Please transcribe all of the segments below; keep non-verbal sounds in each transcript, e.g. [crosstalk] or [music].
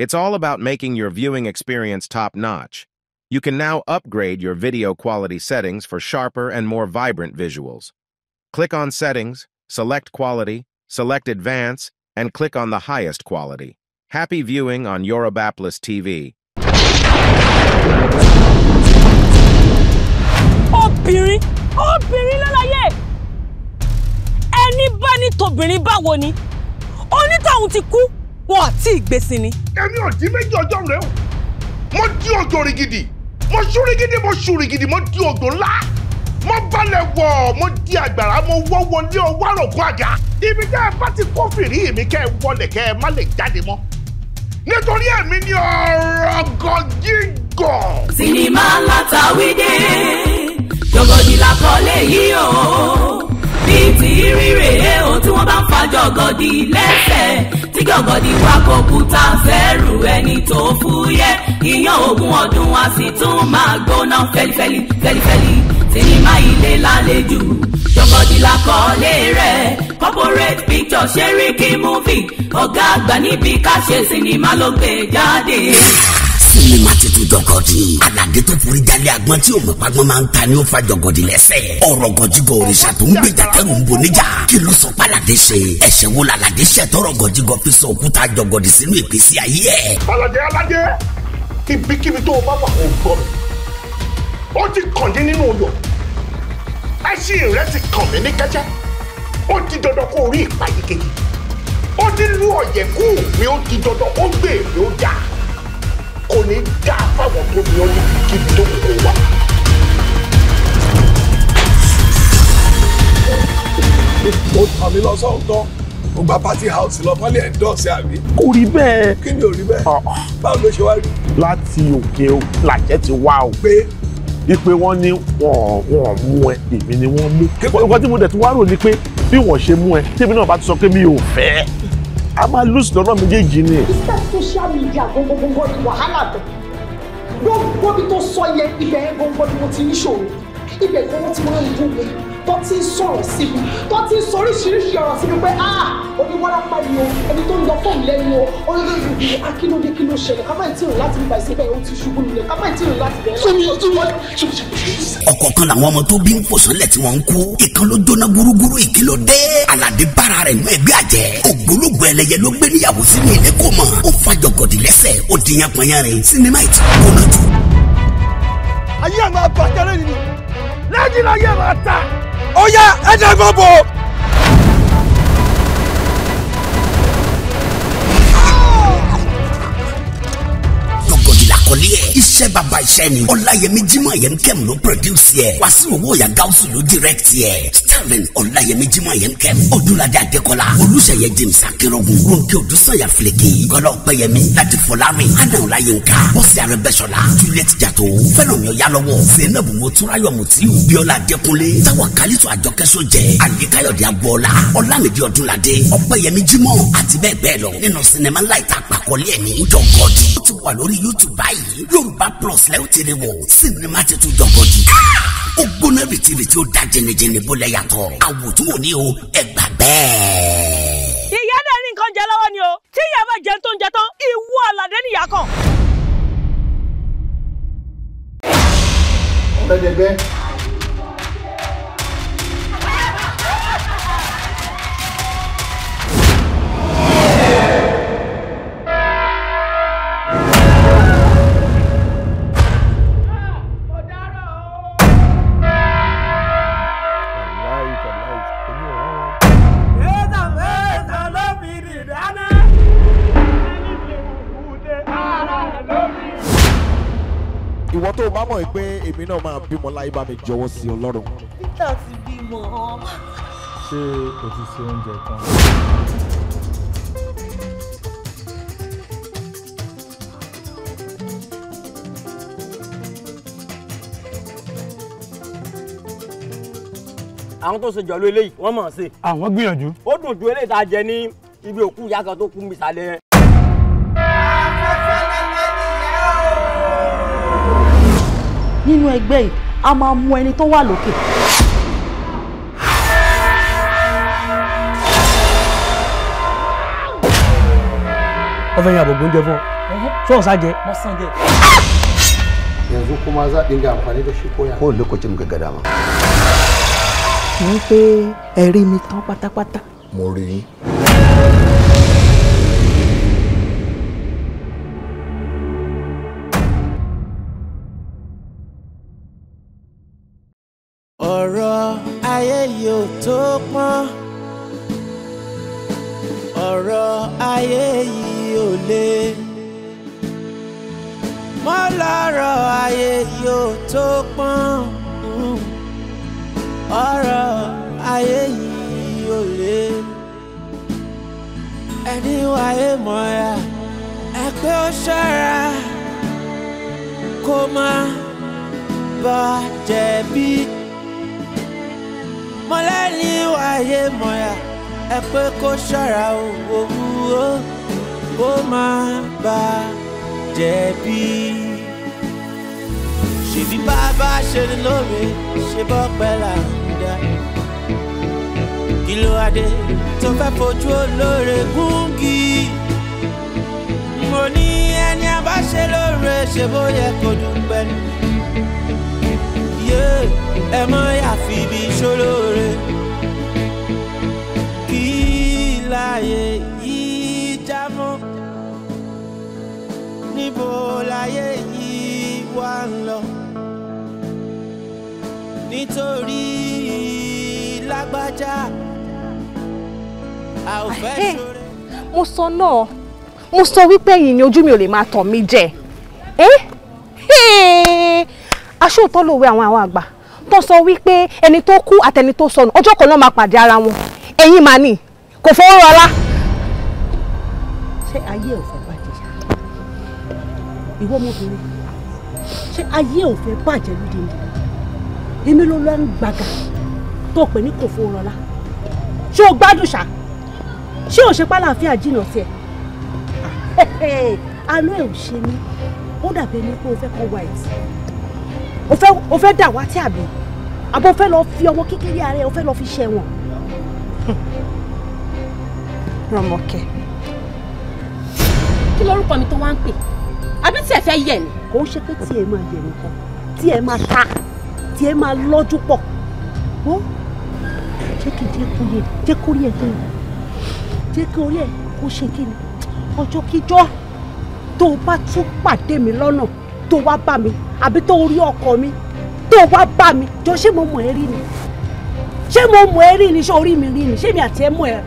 It's all about making your viewing experience top-notch. You can now upgrade your video quality settings for sharper and more vibrant visuals. Click on Settings, select Quality, select Advance, and click on the highest quality. Happy viewing on Yorubapolis TV. Obìnrin, obìnrin ló láyé. Ẹni bá ní tobìnrin báwo ni? Onítọ̀hún ti kú. wọn ò tí ì ni. èmi ò méjì ọjọ́ rẹ o mo dín òjò rigidi mo ṣú rigidi mo ṣú rigidi mo dín òjò ńlá mo balẹ̀ wọ̀ mo di àgbàrá mo wọ́ wọlé ọwọ́ àrògùn àga ibi tẹ́ ẹ bá ti kófìrí mi kẹ́ ẹ wọlé kẹ́ ẹ má lè jáde mọ́ nítorí èmi ni ọ̀rọ̀ gọ̀gígọ̀. sinimá látàwídé gbọ̀ngàn ni làkọ́lé yìí o ní ti rírè ehun tí wọ́n bá ń fa jọ̀gọ̀dì lẹ́sẹ̀ tí jọ̀gọ̀dì wa kò kúta fẹ́rù ẹni tó fúyẹ́ ìyàn ogún ọdún wa sì tún máa gbóná fẹ́lifẹ́li fẹ́lifẹ́li sinimá ilé lálejò jọ̀gọ̀dì la kọ́lé rẹ̀ corporate picture ṣẹ́ríkì movie ọ̀gá àgbà níbi ká ṣe sinimá ló gbé jáde. sinimá ti jọgọdì. alade tó forí jalè agbọn tí o mọ̀ pagbọn máa ń ta ni ó fa jọgọdì lẹ́sẹ̀. ọ̀rọ̀ gọjigọ òrìṣà tó ń gbèjà kẹrù ń bo níjà. kí ló sọ pàlàdé ṣe. ẹ̀ṣẹ̀ wo làlàdé ṣẹ̀ tọrọ gọjigọ fi sọ òkúta jọgọdì sínú ìpèsè ayé ẹ̀. alade alade ibikíbi tó o bá wà ó gbọ́ mi ó ti kàn nínú oyò ẹṣin rẹ ti kàn mí ní kẹ́kẹ́ ó ti dandan kó rí ìpàdé kejì ó ti lú ọ̀yẹ̀kú mi ó ti dandan ó gbé mi ó dáa kò ní dá fáwọn tó ní ọdún kíbi tó kò wá. ó tàn mí lọ sọ́ọ̀tàn mo gba party house lọ mọ́lẹ̀ ẹ̀dọ́ọ̀sì àbí. kò rí bẹ́ẹ̀. kí ni ò rí bẹ́ẹ̀. Ah, ah. báwo ló ṣe wá rí. láti òkè làjẹ́ ti wá o. pé ipe wọn ní wọn wọn mú ẹ èmi ni wọn mú. nǹkan tí mo dẹ̀ tún wá rò ni pé bí wọ́n ṣe mú ẹ tèmi náà bá tún sọ pé mi ò fẹ́ a máa lose lọ́nà méjèèjì ni. iṣẹ́ social media gbogbogbò ni wàhálà bẹ̀ gbogbo ibi tó sọ yẹ ibẹ̀ gbogbo ni mo ti ń ṣòro ibẹ̀ gbogbo tí wọ́n ń dùn mí tó ti ń sọ̀rọ̀ sí mi tó ti ń sọ oríṣiríṣi ọ̀rọ̀ sí mi pé ah oníwárápá ni o ẹni tó ń lọ fóònù lẹ́nu o olórí ah, akínódé kí ló ṣẹlẹ̀ ká má ì tíì láti bá ìṣẹ́bẹ̀ o ti ṣubú nílẹ̀ ká má ì tíì láti bẹ̀rẹ̀. sọmi o ti wọ ọ̀kọ̀ọ̀kan làwọn ọmọ tó bí ń pòsánlẹ̀ tí wọ́n ń kú ìkan ló jóná gúrúgúrú ìkìlọ̀ dé aládé bára rẹ̀ nú ẹgbẹ́ àjẹ́ ògbólógbò ẹlẹ́yẹ ló gbé níyàwó sínú ilé kó mọ̀ ó fàjọgọ̀dì lẹ́sẹ̀ ó dìyàn pọ̀nyẹ́rin sinimá ìtì kóná jù. ayé àwọn abàjẹ́ lẹ́yìn ni lẹ́yìn láyé máa ta ó yá ẹ dàgbọ́ bò. àkọlé ẹ̀. iṣẹ́ bàbá iṣẹ́ ni. ọláyẹmí jimoh yẹn kẹ́mu ló produce yẹ. wàsíù owó ọ̀yà gáúsù ló direct yẹ kevin ọ̀làyẹmí jimoh yẹn kevin ọdúnladé adékọlá olùsẹ̀yẹ james akérògùn ronke odúsànyà fìlẹ̀kì gọlọ pẹ̀yẹmí láti fọlárin anáwòlá yẹn ká bọ́sì arẹbẹ́sọ̀la juliet jato fẹ́ràn yọ yálọ́wọ́ zainabu moturayọ mutiu biola adékúnlé táwa kálítọ̀ àjọkẹ́sọ jẹ àlékayọ̀dé agbọ́ọ́lá ọ̀làmídìí ọdúnladé ọ̀pẹ̀yẹmí jimoh àti bẹ́ẹ̀ bẹ́ẹ̀ lọ nínú sinimá láìta àpàkọ́lé ẹ̀mí jọ̀gọ́dì ó ti wà lórí youtube báyìí yorùbá plus lẹ́yìn tí ó ti rí wọ̀ sinimá ti tún jọ̀gọ́dì da jẹnijẹni bó lẹ́yà yàtọ̀ àwòtúwò ni o ẹ gbà bẹ́ẹ̀. ìyá náà ní nǹkan jẹ lọ́wọ́ ni o tí ìyá bá jẹun tó ń jẹ tán ìwú àlàdé nìyá kan. ọ̀rẹ́dẹ̀gbẹ́ náà máa bímọ láyé bá mi jọ̀wọ́ sí Ọlọ́run. Peter ti bímọ. ṣé o ti ṣe oúnjẹ tán. àwọn tó ṣe jọ̀lú eléyìí wọ́n mọ̀ ọ́n ṣe. àwọn gbìyànjú. ó dùn ju eléyìí tá a jẹ ní ibi òkú ìyá tó kú mi sálẹ̀ nínú ẹgbẹ́ yìí a máa mú ẹni tó wà lókè. ọfẹ yẹn àbògbó ń jẹ fún ọ fún ọsàn jẹ. yanzu kuma za dinga amfani da shi koya. ko lokacin ga gada ma. mo ń pe ẹ̀rí mi tán pátápátá. mo rí i. tó pọ́n ọ̀rọ̀ ayé yìí ò le mọ́ lọ́rọ̀ ayé yìí ò tó pọ́n ọ̀rọ̀ ayé yìí ò le ẹni wáyé mọ́ra ẹ pé ó ṣọ́ra kó má bàjẹ́ bíi mọ̀lẹ́ni wáyé mọ̀yà ẹ pé kó ṣọ́ra òwú o kó má bà jẹ̀bi. ṣèbí bàbá ṣe ni lóore ṣe bọ́ pẹ́ là ń dá. kí ló adé tó fẹ́ fojú olóore gúngi. mo ní ẹni abáṣe lóore ṣe bó yẹ kó dùn pẹ́nu. ẹ mọ̀ yà fi ibi ṣòro. láyé yìí já mọ́ níbo láyé yìí wá ń lọ nítorí lágbájá a ò fẹ́ ṣoore. mo sọ náà mo sọ wípé ẹ̀yin ni ojú mi ò lè máa tàn mí jẹ eh? aṣóòótọ́ lòwe àwọn àwọn àgbà tó sọ wípé ẹni tó kú àtẹni tó sọnù ọjọ́ kan náà máa pàdé ara wọn ẹ̀yin máa nì kò fowó rọlá. ṣé ayé ò fẹ́ bàjẹ́ ṣá ìwọ ọmọbìnrin ṣé ayé ò fẹ́ bàjẹ́ lódìndín èmi ló lọ ń gbàgà tó pè ní kò fowó rọlá ṣé o gbádùn ṣá ṣé o ṣe pálàáfíà jìnnà tiẹ̀ àánú ẹ̀ ò ṣe mí ó dàbí ẹni pé o fẹ́ kọ́ white o fẹ́ dà wá tí àbí àbò fẹ́ lọ fi ọmọ kékeré ara ẹ o fẹ́ lọ fi ṣẹ̀wọ̀n. Rọ̀mọ̀kẹ́ kí lórúkọ mi tó wá ń pè àbí tí ẹ fẹ́ yẹ ni. kò ń ṣe pé tí ẹ máa yẹ nìkan tí ẹ máa ta tí ẹ máa lọ́jú pọ̀ wọ́n jẹ́ kí jẹ́ kó yẹ jẹ́ kó rí ẹ tó yẹ jẹ́ kó rí ẹ kó ṣe kí ni ọjọ́kíjọ́ tó o bá tún pàdé mi lọ́nà tó o wá bá mi àbí tó o rí ọkọ mi tó o wá bá mi jọ ṣé mo mọ̀ ẹ́ rí ni ṣé mo mọ̀ ẹ́ rí ni ṣé orí mi rí ni ṣé mi àti ẹ mọ̀ ẹ́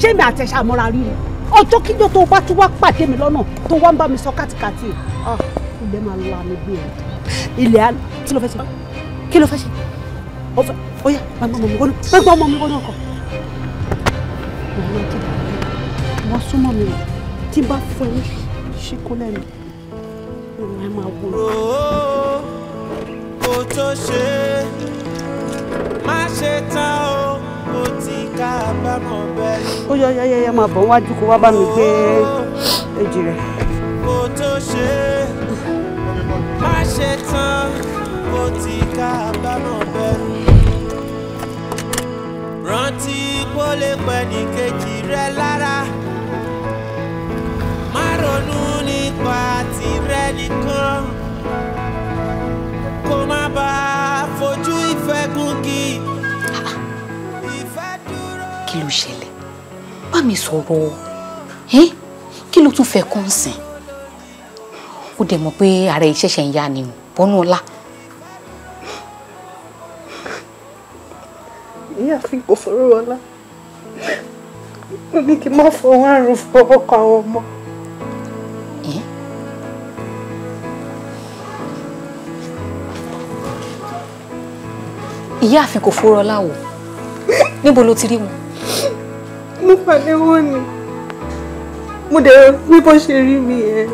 ṣé mi àti ẹ ṣàmọ́ra rí ni ọjọ́ kíjọ́ tó bá tún wá pàdé mi lọ́nà tó wá ń bá mi sọ kátikàti ah, ilẹ̀ máa la mi gbé ẹ̀ ilẹ̀ á kí ló fẹ́ ṣe kí ló fẹ́ ṣe ọfẹ ọyà gbàgbọ́ ọmọ mi gbọ́dọ̀ gbàgbọ́ ọmọ mi gbọ́dọ̀ kọ. wọ́n súnmọ́ mi o tí n bá fọ ẹni ṣíkú lẹ́nu ìrìn máa wọ. kò tó ṣe é má ṣe tán o kò tí kábàámọ̀ bẹ́ẹ̀. ó yọ yọ yẹyẹ máa bọ̀ wájú kó wá bá mi gbé èjì rẹ̀. kò tó ṣe má ṣe tán kò tí kábàámọ̀ bẹ́ẹ̀. rántí kó lè pẹ́ ní kejì rẹ lára má ronú nípa tìrẹ nìkan kó má bàa kí ló ṣẹlẹ̀ bá mi sọ̀rọ̀ kí ló tún fẹ́ kàn sìn ó dẹ̀ mọ̀ pé ara ẹ̀ ṣẹ̀ṣẹ̀ ń yá ni o bọ́nú ọlá. ìyáàfin kò fọwọ́ ọlá mo ní kí n má fọwọ́ àrùn fọwọ́ kan àwọn ọmọ. ìyáàfin kò fọ́rọ́lá wò níbo ló ti rí wọn. mo pàdé wọn ni mo dẹ̀ bí wọ́n ṣe rí mi yẹn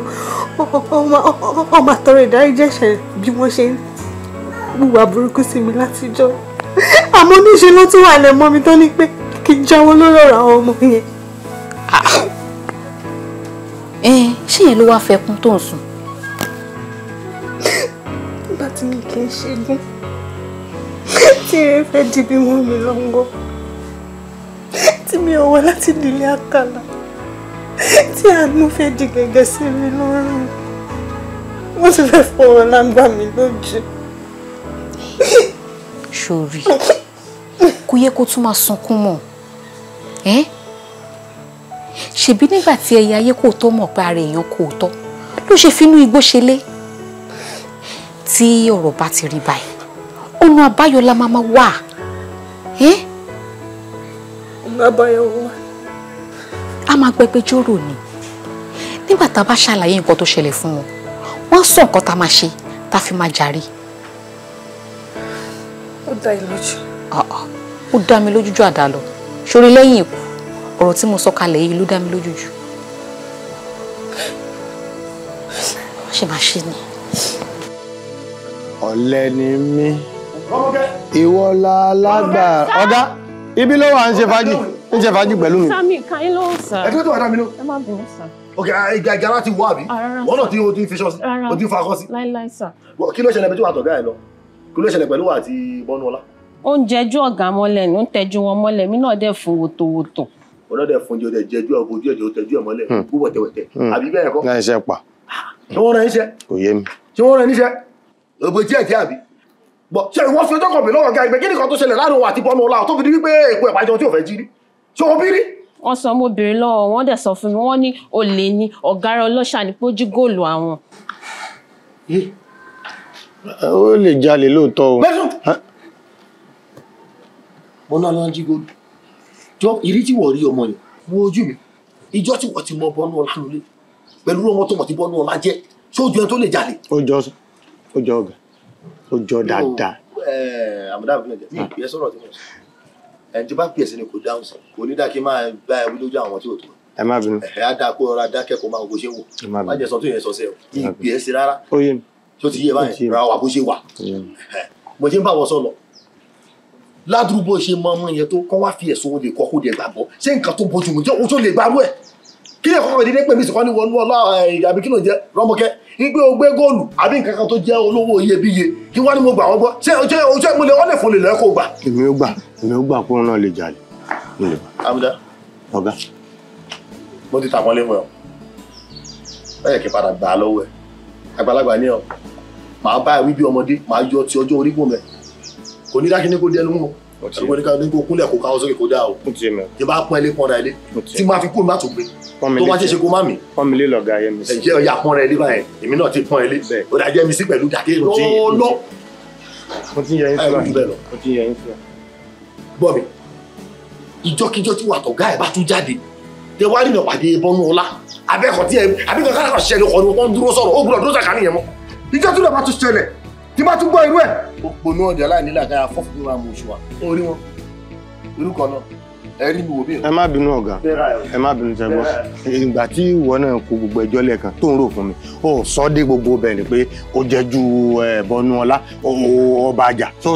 ọmọ àtọrọ ìdáríjẹ̀ṣẹ̀ bí wọ́n ṣe ń wùwà burúkú sí mi látijọ́ àmọ́ níṣe ló tún wà lẹ́mọ́ mi tó ní pé kí n jáwọ́ lórí ọ̀rọ̀ àwọn ọmọ yẹn. ṣé yẹn ló wáá fẹkún tó ń sùn. nígbà tí mi kì í ṣe gún tí eré fẹ́ di bí mú mi lọ́ngọ́ tí mi ò wá láti dìlé àkàlà tí àánú fẹ́ di gẹ́gẹ́ sí mi lọ́rùn wọ́n ti fẹ́ fọwọ́ lágbà mi lójú. sori kò yẹ kó tún máa sunkún mọ́ ṣebí nígbà tí ẹyẹ ayé kò tó mọ̀ pé ara èèyàn kò tọ́ ló ṣe finú igbó ṣe lé tí ọ̀rọ̀ bá ti rí báyìí ọ̀nà àbáyọ la máa wà. ọ̀nà àbáyọ wà. a máa gbẹgbẹ jórò ni nígbà tá a bá ṣàlàyé nǹkan tó ṣẹlẹ̀ fún wọn wọ́n sọ nǹkan tá a máa ṣe tá a fi máa jàre. ó dá ẹ lójú. Ah, ah. ó dá mi lójú ju àdá lọ sórí lẹ́yìn ikú ọ̀rọ̀ tí mo sọ kalẹ̀ yìí ló dá mi lójú jù. ṣe máa ṣe ni. ọ̀lẹ ni mí ìwọ la lágbàá ọ̀gá ibi ló wà ń ṣe fàájì ń ṣe fàájì pẹ̀lú mi. sami kan yín ló ń sà. ẹ tó tó wà dá mi ló. ẹ má bẹ̀rù sà. ok ìgbà ìgbà láti wọ àbí. Ah, wọn náà tí o ti fi ṣọ sí o ti fa akọ sí. láíláí sà. kí ló ṣẹlẹ̀ bí tí wàá tọ̀gá ẹ lọ kí ló ṣẹlẹ̀ wa àti bọ́núọlá. ó ń jẹjú ọ̀gá mọ́lẹ̀ ni ó ń tẹjú wọn mọ́lẹ̀ mi náà dẹ̀ fún wotowoto. ọlọ́dẹ fún jẹ́ ọdẹ jẹjú ọkọ̀ ojú ẹ̀jẹ̀ ó tẹjú ẹ̀ mọ́lẹ̀ púpọ̀ hmm. tẹ̀wẹ̀tẹ̀ hmm. àbí bẹ́ẹ̀ kọ́. ṣé wọ́n rán iṣẹ́. kò yé mi. ṣé wọ́n rán iṣẹ́. ògbè tí ẹ̀ tí àbí bọ ṣe ìwọ fi ọjọ́ kan bè lọ́wọ́ ga ẹgbẹ́ kíni kan tó ṣẹlẹ̀ láàrin òun àti bọ́nú ọlá tó fi di wípé èpo ìpàjọ tí ò fẹ́ jí rí ṣé o bí rí. wọ́n sọ mo bèrè lọ́wọ́ wọn dẹ̀ sọ fún mi wọ́n ní olè ni ọ̀gára ọlọ́ṣà ní pójú góòlù àwọn. Eh. ó lè jalè lóòótọ́ o. mo náà lọ jí góòlù jọ ìrí tí wọ́n rí ọmọ yẹn wo ojú mi ìjọ tí wọ́n ti mọ bọ́nú ọlá ó jọ dáadáa. àmọ́dá àbúrò jẹ́ mi ìpìyẹ́ sọ̀rọ̀ tí mo sọ ẹni tí bá pìyẹ́ sí ni kò dáhùn sí kò ní dáa kí n máa gba ẹ̀wí lójú àwọn tí ò tó. ẹ má bínú. ẹ á dáa kó ọ̀rọ̀ adákẹ́ máa wo ṣé wò má jẹ́ sọ tó yẹn sọ sí ẹ o ìpìyẹ́ sí rárá tó ti yé báyìí ra wà bó ṣe wà mo ṣe ń bá wọ sọ lọ ládùúgbò ṣe kí lè kọ́kọ́ dídé pè mí sìkọ́ ní wọnú ọlá àbí eh, kí ló jẹ́ rọ́mọkẹ́ igbe ogbé góòlù àbí nǹkan kan tó jẹ́ olówó iyebíye kí wọ́n ní mo gbà wọ́n gbọ́ ṣé ṣé ṣé mo lè wọ́n lè fún lè lẹ́kọ̀ọ́ gbà. èmi ó gbà èmi ó gbà kó náà lè jalè mo lè gbà. abuja ọgá. mo ti tàpọ́n lé fún ọ ẹ yẹ kí padà gbà á lọ́wọ́ ẹ àgbàlagbà ni ọ màá bá ẹ wí bí ọmọdé màá yọ ti ọjọ́ orí gbòmẹ kò ní dákíní kó dẹnu mọ́ ẹgbẹ́ ní ká ní kó kó ká ọ́sọ́rì kó dá o tí bá pọ́n ilé pọ́nra ilé tí máa fi kú má tún gbé tó wá ṣeṣe kó má mi. pọ́n mi lé lọ́gà ayé mi sí. ẹ̀jẹ̀ ọ̀yà pọ́nra ilé báyẹn èmi náà ti pọ́n ilé ó dà jẹ́ mi sí pẹ̀lú dàdé lọ́ọ́lọ́. mo ti yẹ yín fúra mo ti yẹ yín bọ́ mi ìjọkíjọ tí wàtọ̀ gáà ẹ̀ bá tún jáde tẹ wá nínú pàdé bọ́nú ọlá abẹ́kọ̀ tí ẹ tí bá tún gbọ́ irú ẹ̀. òpònú ọ̀dẹ̀ aláìnílà káyà fọ́fún ní wàá mú oṣù wa orí wọn orúkọ náà ẹrí mi wò bí. ẹ má bínú ọ̀gá ẹ má bínú sẹ́gbọ́n ìgbà tí ìwọ náà kó gbogbo ẹjọ́ lẹ́ẹ̀kan tó ń rò fún mi ó sọ dé gbogbo bẹ̀rẹ̀ pé ó jẹ́ ju ẹ̀bọnú ọlá ọba àjà tó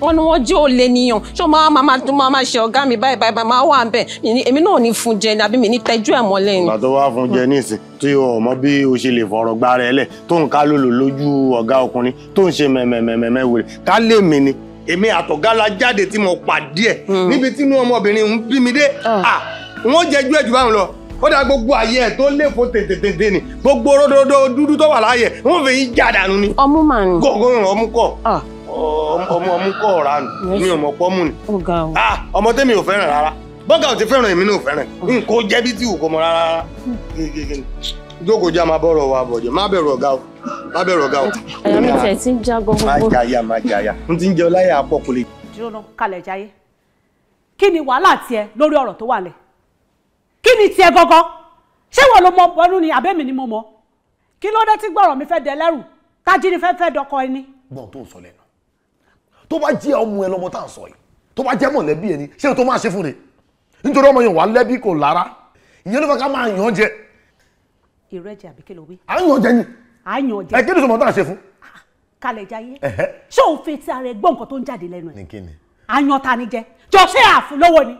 wọn ni wọn jẹ olè nìyàn ṣé wọn máa máa tún máa ṣe ọgá mi báyìí báyìí máa wà bẹ èmi náà ní fún jẹ ni àbí mi ní tẹjú ẹ mọ́lẹ̀ ni. bàtọ wá fún jẹ nísìn tí o mọ bí o ṣe lè fọ̀rọ̀ gbá rẹ lẹ tó ń ká lòlò lójú ọgá ọkùnrin tó ń ṣe mẹmẹmẹmẹ wèrè ká lè mí ni èmi àtọ̀gá jáde tí mo pàdé ẹ̀ hmm. níbi tí inú ọmọbìnrin ń bí mi dé ah. wọ́n jẹjú ẹ̀jú báwọn lọ ó dá gbogbo ayé ẹ̀ tó léfo tètètètè ni gbogbo ródòdó dúdú tó wà láàyè wọ́n fi yí jádànù ni. ọmú màá ni. gọ́gọ́rùn ọmú kọ. Ah ọmọ ọmú kọ ọ̀rá nù mi ò mọ̀ pọ́mù ni ah, ọmọ tẹ́mi ò fẹ́ràn rárá bọ́gà ò ti fẹ́ràn èmi náà fẹ́ràn nǹkó jẹ́ bí tí ò kọ́ mọ rárá jókòó já máa bọ́rọ̀ wa bọ̀jẹ̀ má bẹ̀rù ọ̀gá o má bẹ̀rù ọ̀gá o. ẹ̀rọ mi tẹ̀ ti ń jágọ́ gbogbo. má jaya má jaya n ti ń jẹ ọláyà apọ̀ kò lè. jóná kalẹ̀ jayé kí ni wàhálà tiẹ̀ lórí ọ̀rọ̀ tó wà lẹ̀ kí ni tiẹ̀ gangan ṣé wọ́n ló mọ ọdún ni àbẹ́mi ni mo mọ̀ kí ló dé tí gbọ́rọ̀ mi fẹ́ dẹ lẹ́rù tájí ni fẹ́ fẹ́ dọkọ ẹni. gbọ́n tó ń sọ lẹ́nu tó bá jẹ́ ọmọ ẹ lọ́mọ tá à ń sọ yìí tó bá jẹ́ mọ̀lẹ́bí ẹni ṣé tó máa ṣe fún ni nítorí ọmọ yẹn wà lẹ́bí kò lára ìyẹn ló fẹ́ ká máa yàn jẹ. ìrẹ́jẹ àbí kí ló wí. à ń yàn jẹ ni. à ń yàn jẹ. ẹ kí ni sọmọ tá à ń ṣe fún. kalẹ̀ jayé ṣé òun fi ti ara ẹ gbọ́ nǹkan tó ń jáde lẹ́nu ẹ̀. àyàn ta ni jẹ jọ ṣé àfúlówó ni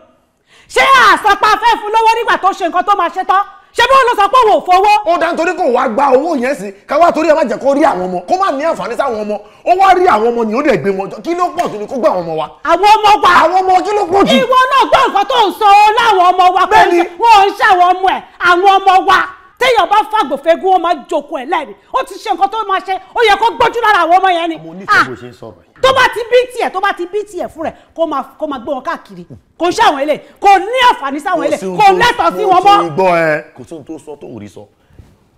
ṣé àsọpá fẹ́ fún lówó nígbà tó ṣe nǹkan ṣé bí wọ́n lọ sọ pé òun ò fọwọ́. ó dá nítorí kò wá gba owó yẹn sí ká wá torí ẹ má jẹ́ kó rí àwọn ọmọ kó má ní àǹfààní sáwọn ọmọ ó wá rí àwọn ọmọ ni ó dẹ̀ gbé wọn jọ kí ló pọ̀ jù ni kó gbà àwọn ọmọ wa. àwọn ọmọ wa àwọn ọmọ kí ló pọ̀ jù. ìwọ náà gbọ́ nǹkan tó ń sọ láwọn ọmọ wa pẹ̀lú wọn ò ń ṣàwọn ọmọ ẹ̀ àwọn ọmọ wa téèyàn bá fàgbòfẹ́gun ó máa jókòó ẹ̀ lẹ́ẹ̀ni ó ti ṣe nǹkan tó máa ṣe ó yẹ kó gbójú lára àwọn ọmọ yẹn ni. mo nífẹ̀ẹ́ ah! bó ṣe ń sọ̀rọ̀ yìí. tó bá ti bí tiẹ̀ tó bá ti bí tiẹ̀ fún rẹ̀ kó máa kó máa gbé wọn káàkiri kò ṣe àwọn ilé kò ní àǹfààní sáwọn ilé kò lẹ́tọ̀ọ́ sí wọn mọ́. mo ti gbọ́ ẹ kò sóhun tó sọ tó ò rí sọ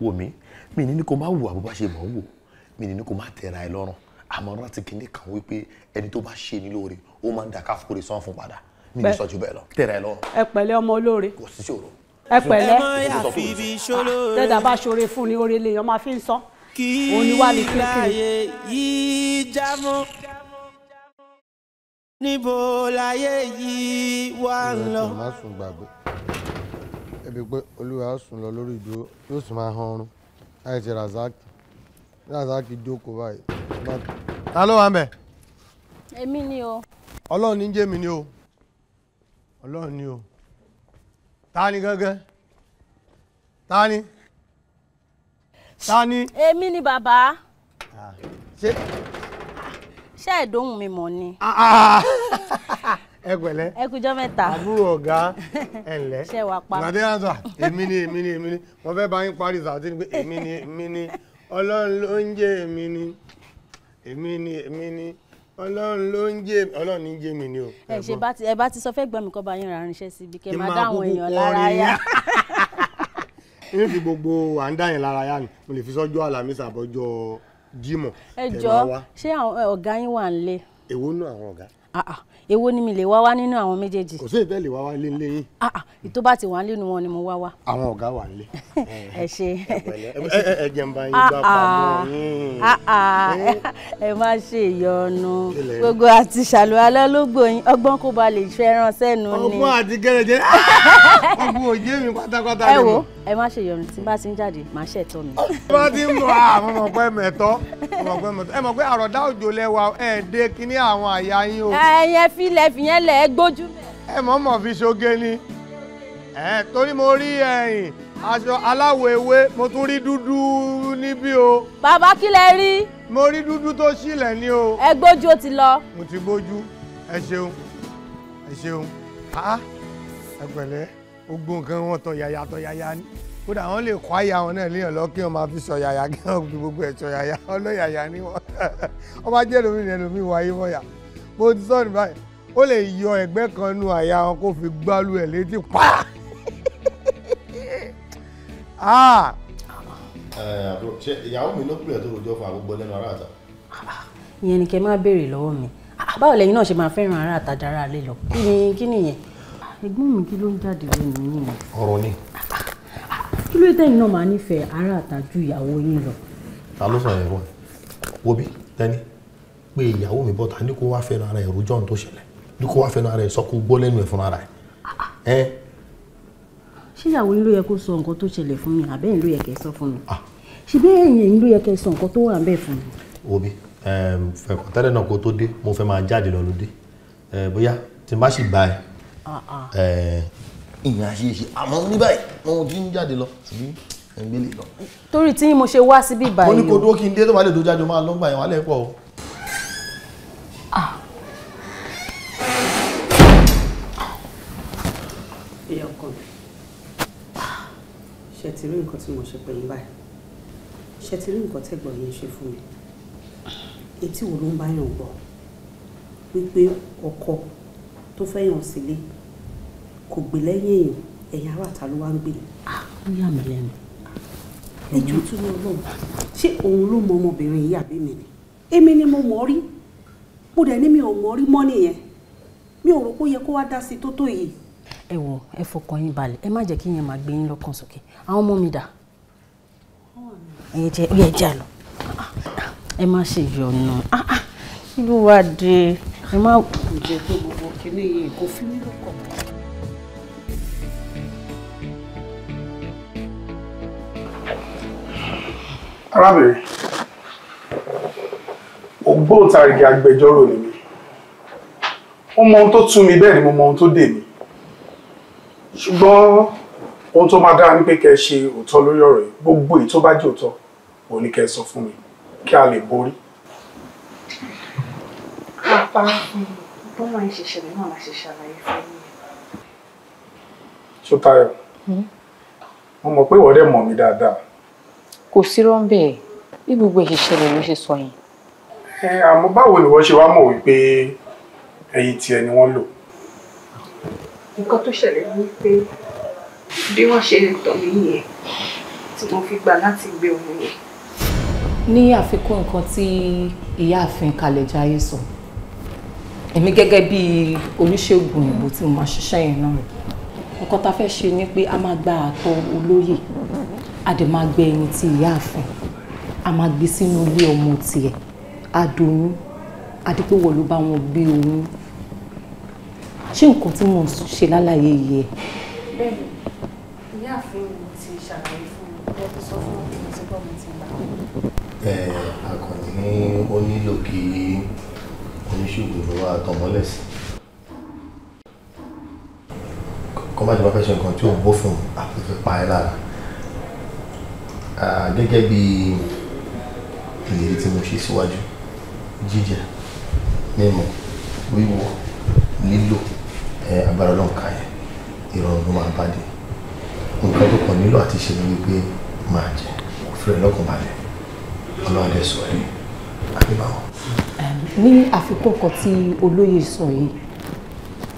wò mí mi ní kó má wù àbúbá ṣe mọ̀ wò mi ní kó má tẹra ẹ lọ́rùn àmọ́ rántí kinní kan wípé ẹni tó bá ṣe ní lóore ó máa ń dà káfóore sán fún padà mi ní sọ ju bẹ́ẹ̀ lọ tẹra ẹ lọ́rùn. ẹ pẹ̀lẹ́ ọmọ olóore. kò sí ṣòro ẹ pẹ̀lẹ́ dẹ́dà ah, bá ṣoore fún ni oore lèèyàn máa fi ń sọ òun ni wà ní kékeré. níbo láyé yìí wà ń lọ. má sùn gbàgbé ẹbí pé olúwa á sùn lọ lórí ìdúró yóò sì máa han ọrùn láì ṣe razaki razaki jókòó báyìí. ta ló wà ń bẹ̀. èmi ni o. ọlọ́run ní jẹ́ mi ni o ọlọ́run ni o ta ni gangan ta ni ta ni. èmi ni bàbá. Ah, ṣé. ṣé ẹ̀dóhùn mi mọ̀ ni. Ah, ah, ẹ pẹ̀lẹ́. ẹ kújọ́ mẹ́ta. àbúrò ọ̀gá ẹ ǹlẹ́. ṣé wàá pa. ìgbàdé àzà èmi ni èmi ni èmi ni mo fẹ́ bá yín parí ìsàtí ni pé èmi ni èmi ni ọlọ́run ló ń jẹ́ èmi ni èmi ni èmi ni ọlọ́run ló ń jẹ ọlọ́run ní jẹ mi ni o. ẹ ṣe bá ti ẹ bá ti sọ fẹ́ gbọ́n mi kọ́ bá yín ràn ránṣẹ́ síbi kẹ́ máa dá àwọn èèyàn lára yá. inú [laughs] [laughs] fi gbogbo à ń dá yẹn lára yá ni mo lè fi sọ́jọ́ àlàmísà àbọ̀jọ́ jímọ̀. ẹ jọ ṣé ọ̀gá yín wà ń lé. èwo nù àwọn ọ̀gá. Ah, ah èwo ni mi lè wá wá nínú àwọn méjèèjì. kò sí èyí tẹ́ lè wá wá lé nílé yín. ìtó ah, ah, bá ti wà nínú wọn ni mo wá wá. àwọn ọ̀gá wà nílé. [laughs] ẹ ṣe ẹ jẹ́ ń bá yín gbà ah, pàmò yín. ẹ má ṣe ìyọnu gbogbo àti ṣàlùwalẹ́ ló gbòyìn ọgbọ́n kó ba lè fẹ́ràn sẹ́nu ni. ọgbọ́n àti gẹ́rẹ́jẹ́ [laughs] ọgbọ́n òye mi pátápátá ni mo ẹ má ṣe yọrùn tí bá ti ń jáde màá ṣe ẹ̀tọ́ mi. bá ti ń mọ àwọn ọmọ pé mẹtọ ọmọ pé mẹtọ ẹ mọ pé àròdá òjò lẹwà ẹ dé kíní àwọn àyà yín o. ẹyẹ f fi ilẹ̀ fìyẹn lẹ̀ ẹ́ gbójú mẹ́. ẹ mọ̀ mọ̀ fi ṣoge ni ẹ torí mo rí ẹ̀yìn aṣọ aláwọ̀ ewé mo tún rí dúdú níbí o. bàbá kí lẹ rí. mo rí dúdú tó sílẹ̀ ní o. ẹ gbójú ó ti lọ. mo ti gbójú ẹ ṣeun ẹ ṣeun ẹ pẹ̀lẹ́ gbogbo nǹkan wọn tọ yàyà tọ yàyà ni kódà wọn lè kọ àyà wọn náà léèyàn lọ kí wọn máa fi sọ yàyà kí wọn fi gbogbo ẹ sọ yàyà ọlọ yàyà ni wọn [laughs] ọba jẹ lómi ni ẹlòmíì wáyé wọyà mo ti sọ ní báyìí ó lè yọ ẹ̀gbẹ́ kan nu àyà wọn kó fi gbálù ẹ̀ létí pa. [laughs] Ah! ìyàwó mi ló pè é tó rojọ́ fún àgbègbè lẹ́nu ará àta. ìyẹn ni kẹ́ máa béèrè lọ́wọ́ mi ah, báwo lẹ́yìn náà ṣe máa fẹ́ràn ará àta dára lé lọ kí ni kí nìyẹn. ẹ̀gbọ́n mi kí ló ń jáde lẹ́nu yìí ni. ọ̀rọ̀ ni. kí ló tẹ́yìn náà máa nífẹ̀ẹ́ ará àta ju ìyàwó yín lọ. ta ló sọ yẹn fún ẹ wo bí tẹni pé ìyàwó mi bọ́ta ní kó wá fẹ́ràn ara ẹ̀ rojọ́ ohun tó ṣẹlẹ̀ ní kó wá fẹnu ara ẹ sọ kó gbọ́ lẹ́nu ẹ fúnra rẹ. ṣé ìyàwó yín ló yẹ kó sọ nǹkan tó ṣẹlẹ̀ fún mi àbẹ́yìn ló yẹ kẹ́ sọ fún mi ah. ṣe bẹ́ẹ̀ yẹn ló yẹ kẹ́ sọ nǹkan tó wà ń bẹ̀ fún mi. obi fẹ̀kọ̀ tẹ́lẹ̀ náà kó tó dé mo fẹ́ máa jáde lọ lóde bóyá tí n bá sì bá ẹ ah, ah. ìyẹn àṣeyẹṣe àmọ́ ní báyìí mo ti ń jáde lọ ẹgbẹ́lè lọ. torí tí mo ṣe wá síbí báyìí. mo ní kó dúró kí n dé tó bá lè dójájú máa lọ́gbà ẹ̀wọ̀n alẹ́ pọ̀ o. ṣe ti rí nǹkan tí mo ṣe pẹ̀lú báyìí ṣe ti rí nǹkan tẹ́gbọ̀n yẹn ṣe fún mi etí wo ló ń bá yàn gbọ́ wípé ọkọ tó fẹ́ yàn sílé kò gbé lẹ́yìn èèyàn ẹ̀yìn ara ta ló wá ń gbé ni. ó yà mí lẹ́nu. ẹjọ́ tún ní ọlọ́run ṣé òun ló mọ ọmọbìnrin yìí àbí mi ni èmi ni mo mọ̀ ọ́ rí mo dẹ̀ ní mi ò mọ̀ rí mọ́ nìyẹn mi ò rò pé ó yẹ kó wá dá sí tó tó yìí. ẹ wò ẹ fọkàn yín balẹ̀ ẹ má jẹ́ kí yẹn máa gbé yín lọ́kàn sókè àwọn ọmọ mi dà ẹ jẹ ẹ jẹ àlọ ẹ má ṣe yọnu ìlú ah, ah, wa dé ẹ má. ǹjẹ́ pé gbogbo kínní yìí kò fi mí lọ́kàn. arábìnrin ògbóǹtarìgì agbẹjọ́rò ni mí mo mọ ohun tó tú mi bẹ́ẹ̀ ni mo mọ ohun tó dè mí ṣùgbọ́n ohun tó máa dára ni pé kẹ́ ẹ ṣe òótọ́ lórí ọ̀rọ̀ yìí gbogbo èyí tó bá jẹ́ òótọ́ òun ni kẹ́ ẹ sọ fún mi kí a lè borí. bàbá bó máa ń ṣe ṣẹlẹ̀ náà máa ṣe ṣàlàyé fún mi. Ṣótáyọ̀ hmm? mo mọ̀ pé ìwọ́dẹ̀ mọ̀ mí dáadáa. kò sí rọ́ńbẹ́ ẹ̀ bí gbogbo ẹ̀ ṣe ṣẹlẹ̀ ló ṣe sọ yẹn. ẹ àmọ́ báwo ni wọ́n ṣe wá mọ̀ wípé ẹyin tiẹ̀ ni wọ́n lò. nǹkan tó ṣẹlẹ̀ ni pé bí wọ́n ṣe tọ̀ mí yẹn tí mo fi gbà láti gbé òun yẹn. ní àfikún nǹkan tí ìyáàfin Kalẹ̀jayé sọ èmi gẹ́gẹ́ bí oníṣègùn òyìnbó tí mo máa ṣiṣẹ́ yẹn náà rẹ̀ nǹkan tá a fẹ́ ṣe ni pé a máa gba àtọ̀ olóyè a dẹ̀ máa gbé ẹyin ti ìyáàfin a máa gbé sínú ilé ọmọ tiẹ̀ a doyún àti pé wọ́n ló bá wọn gbé oyún ṣé nǹkan tí mo ṣe lálàyé yìí ẹ aláàfin ti ṣàlàyé fún mi ẹ ti sọ fún mi mo ti gbọ́ mi ti gbà. Àkànní ó nílò kí oníṣègùn ló wá tọmọlẹ́sìn kọ́ bá ti bá fẹ́ ṣe nǹkan tí ò bófin àfẹ́fẹ́ pa ẹ́ lára gẹ́gẹ́ bí ìlérí tí mo ṣe síwájú jíjẹ mímu wíwọ lílò agbára ọlọ́nkà yẹn ìrọ̀rùn ló máa bá dé nǹkan tó kàn nílò àti ṣe ni wípé máa jẹ òfin lọ́kàn balẹ̀ ọlọ́run dẹ̀ sọ ẹ́ àbíbáwọ̀. ní àfikún kan tí olóyè sọ yìí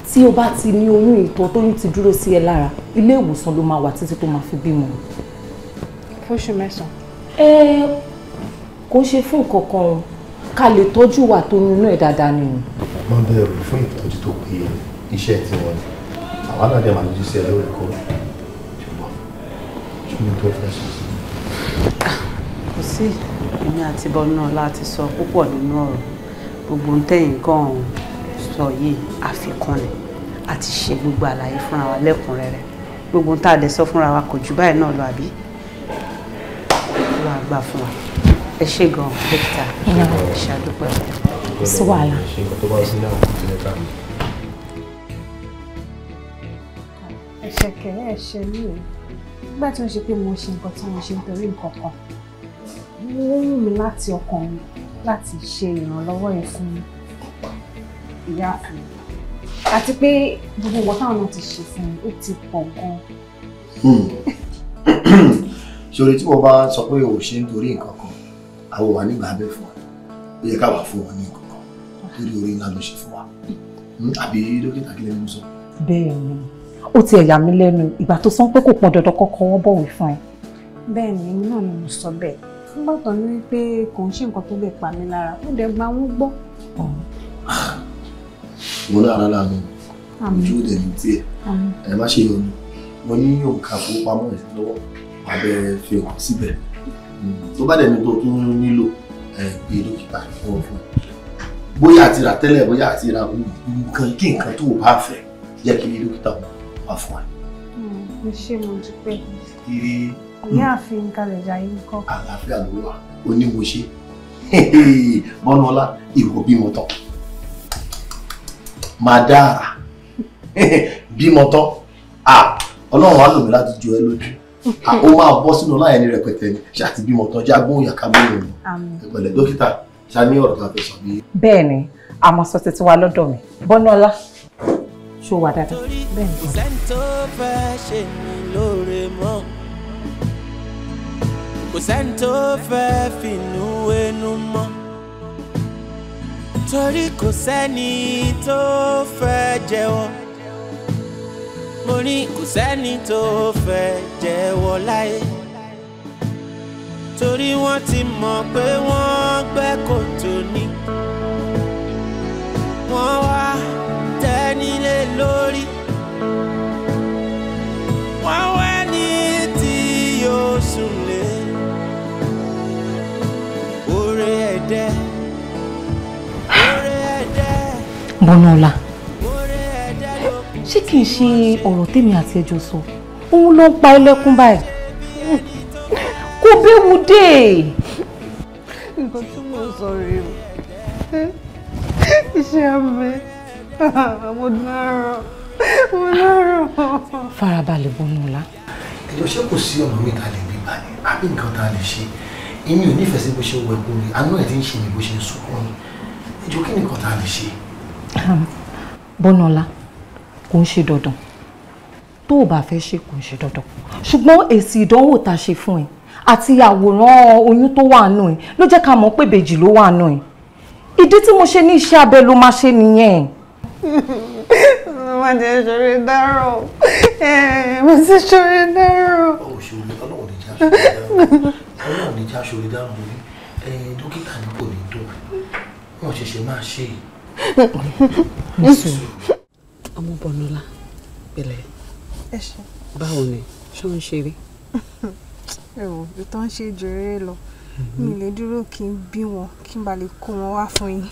tí o bá ti ní oyún ìtọ̀ tóyún ti dúró sí ẹ lára ilé ìwòsàn ló máa wà títí tó máa fi bímọ. fóṣù mẹ́sàn. ẹ kò ṣe fún nǹkan o ká lè tọ́jú wà tó nínú ẹ̀ dáadáa ni o. wọ́n bẹ̀rù fún ìtọ́jú tó péye iṣẹ́ tí wọ́n ní àwa náà máa lójú sí ẹ lóòrèkóòrè ní tó fẹ́ sọ sí mi. kò sí èmi àti bọ́nà láti sọ púpọ̀ nínú ọ̀rọ̀ gbogbo ntẹ́yìn kan sọ yìí àfikún ni àti ṣe gbogbo àlàyé fúnra wa lẹ́kùnrẹ́rẹ́ gbogbo tá a sọ fúnra wa kò jù báyìí náà lọ àbí wàá gbà fún wa ẹ ṣe gan dókítà ẹ ṣàdúpẹ́ sí wàhálà. ṣe nǹkan ẹ̀ ṣe mí o nígbà tí wọ́n ṣe pé mo ṣe nǹkan tí mo ṣe nítorí nǹkan kan ó wù mí láti ọkàn mi láti ṣe ìrànlọ́wọ́ yẹn fún ìyá fún mi àti pé gbogbo nǹkan táwọn náà ti ṣe fún mi ó ti pọ̀ gan. Hmm. ṣòro tí mo bá sọ pé o ṣe ń torí nǹkan kan àwọn wà nígbà abẹ́ fún ọ ó yẹ ká wà fún ọ ní nǹkan kan torí orí ńlá ló ṣe fún wa hmm, àbí dókítà kílẹ̀ ló sọ. bẹ́ẹ̀ ni ó ti ẹ̀yà mi lẹ́nu ìgbà tó sọ pé kò pọn dandan kọ́kọ́ wọ́n bọ̀wé fún ẹ. bẹ́ẹ̀ ni èmi náà ni mo sọ bẹ́ẹ̀ nígbà tó ní wípé kò ń ṣe nǹkan tó lè pa mí lára ó dẹ̀ gba wọn gbọ́. Ah, mo ní ara láàánú ojú òde mi tiẹ̀ ẹ má ṣe yọnu mo ní òǹkà fowópamọ́ ẹ̀ lọ́wọ́ abẹ́ fi hàn síbẹ̀ tó bá dẹ̀ ní tó tún nílò gbé dókítà lọ́wọ́ fún ẹ bóyá àti rà tẹ́lẹ̀ bóyá àti rà nǹkan kí nǹkan tó o bá fẹ́ jẹ́ kí ní dókítà wọn wá fún ẹ. mo ṣe mo dúpẹ́. ire ìyá àfihàn kalẹ̀ jàyè nǹkan. àlàáfíà ló wà ó ní mo ṣe bọ́nọ́lá [laughs] ìwọ bímọ tán máa dára [laughs] bímọ tán ọlọ́run á lò mí láti jọ ẹ lójú ó máa bọ́ sínú ọlá ẹni rẹpẹtẹ ni ṣáàtì bímọ tán jágbóhùn yàkábọ̀ òun ẹgbẹ̀lẹ̀ dókítà ṣá ní ọ̀rọ̀ kan fẹ́ sọ bí. bẹ́ẹ̀ ni àmọ́ sọ títí lọ́dọ̀ mi bọ́nọ́lá ṣó wà dáadáa. bẹ́ẹ̀ni kò sẹ́ni tó fẹ́ ṣe mí lóore mọ́ kò sẹ́ni tó fẹ́ fìnnú wẹnu mọ́ torí kò sẹ́ni tó fẹ́ jẹ́wọ́ mo ní kò sẹ́ni tó fẹ́ jẹ́wọ́ láyé torí wọ́n ti mọ̀ pé wọ́n gbẹ́ kòtò ní. nílé lórí. Wọ́n wẹ́ ní tí yóò súnlé. Oore ẹ̀dẹ́. Oore ẹ̀dẹ́. Bọ́nọ́lá. Oore ẹ̀dẹ́ ló kù. Ṣé kì í ṣe ọ̀rọ̀ tèmi àti ẹjọ́ sọ? Òun ló ń pa ẹlẹ́kún báyìí. Kò béwu dé. Nǹkan tí mo sọ rèé o. Iṣẹ́ mi mo dáràn mo dáràn. farabalẹ̀ bọ́nú ọ̀la. ìjọ ṣé kò sí ọ̀nà mi ta lè gbé bá ní àbí nǹkan ta lè ṣe èmi ò nífẹ̀ẹ́ sí bó ṣe wọ ẹkún mi àánú ẹ̀ ti ń ṣe mi bó ṣe ń sunkún mi ìjọ kí nìkan ta lè ṣe. bọ́nú kò ń ṣe dandan tó o bá fẹ́ ṣe kò ń ṣe dandan ṣùgbọ́n èsì ìdánwò tá a ṣe fún ẹ àti àwòrán oyún tó wà nù ẹ ló jẹ́ ká mọ̀ pé bèjì ló wà nù ẹ ìdí tí mo ṣe ní iṣẹ́ abẹ ló máa ṣe nìyẹn má jẹ́ ìṣòro dárò mo sì ṣòro dárò. òṣèré ọlọ́run ní já ṣòro dárò ọlọ́run ní já ṣòro dárò mo ní dókítà ní kò ní tó wọn ṣẹ̀ṣẹ̀ máa ṣe é. ọmọ bọ̀nọ́lá pẹ̀lẹ́ báwo ni ṣé ń ṣeré. ẹ̀wò ìtọ́ ń ṣe jèrè lọ mi lè dúró kí n bí wọn kí n bá lè kó wọn wá fún yín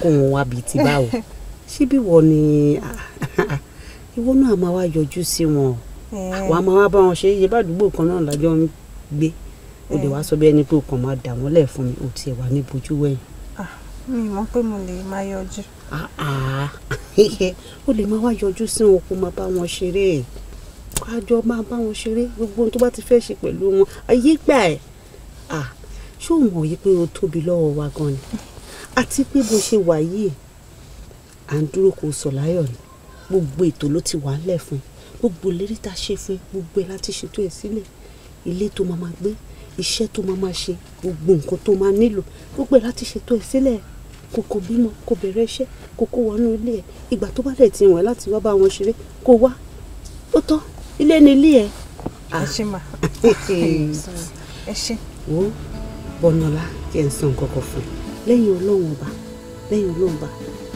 kó wọn wá bíi ti báwo síbí [laughs] wọ ni [laughs] ìwọ náà máa wá yọjú sí wọn eh. wàá máa wá bá wọn ṣe iye bàdúgbò kan náà lájọ ń gbé o lè eh. wá sọ bí ẹni pé o kàn máa dà wọ́n lẹ̀ mi o tiẹ̀ wà ní bojú wẹ̀yìn. Ah, mi mọ̀ pé mo lè máa yọjú. Ah, ah. [laughs] o lè máa wá yọjú sí wọn kó máa bá wọn ṣeré àjọ máa bá wọn ṣeré gbogbo ohun tó bá ti fẹ́ ṣe pẹ̀lú wọn ayé gbà ẹ̀ ṣé o mọ̀ yìí pé o tóbi lọ́wọ́ wa gan ni àti pé bó ṣe wà yìí à ń dúró kó sọ láyọ̀ ni gbogbo ètò ló ti wà ńlẹ̀ fún gbogbo lérí tá a ṣe fún gbogbo ẹ̀ láti ṣètò ẹ̀ sílẹ̀ ilé tó máa máa gbé iṣẹ́ tó máa máa ṣe gbogbo nǹkan tó máa nílò gbogbo ẹ̀ láti ṣètò ẹ̀ sílẹ̀ kókó bímọ kó bẹ̀rẹ̀ iṣẹ́ kókó wọnú ilé ẹ̀ ìgbà tó bá dẹ̀ ti wọ̀n láti wá bá wọn ṣeré kó wá ó tán ilé ni ilé ẹ ṣe mà [laughs] ẹ wo bọ́nọ́lá kí ẹ san kọ́kọ́ fún un lẹ́yìn ọlọ́run ọba lẹ́yìn ọlọ́run ọba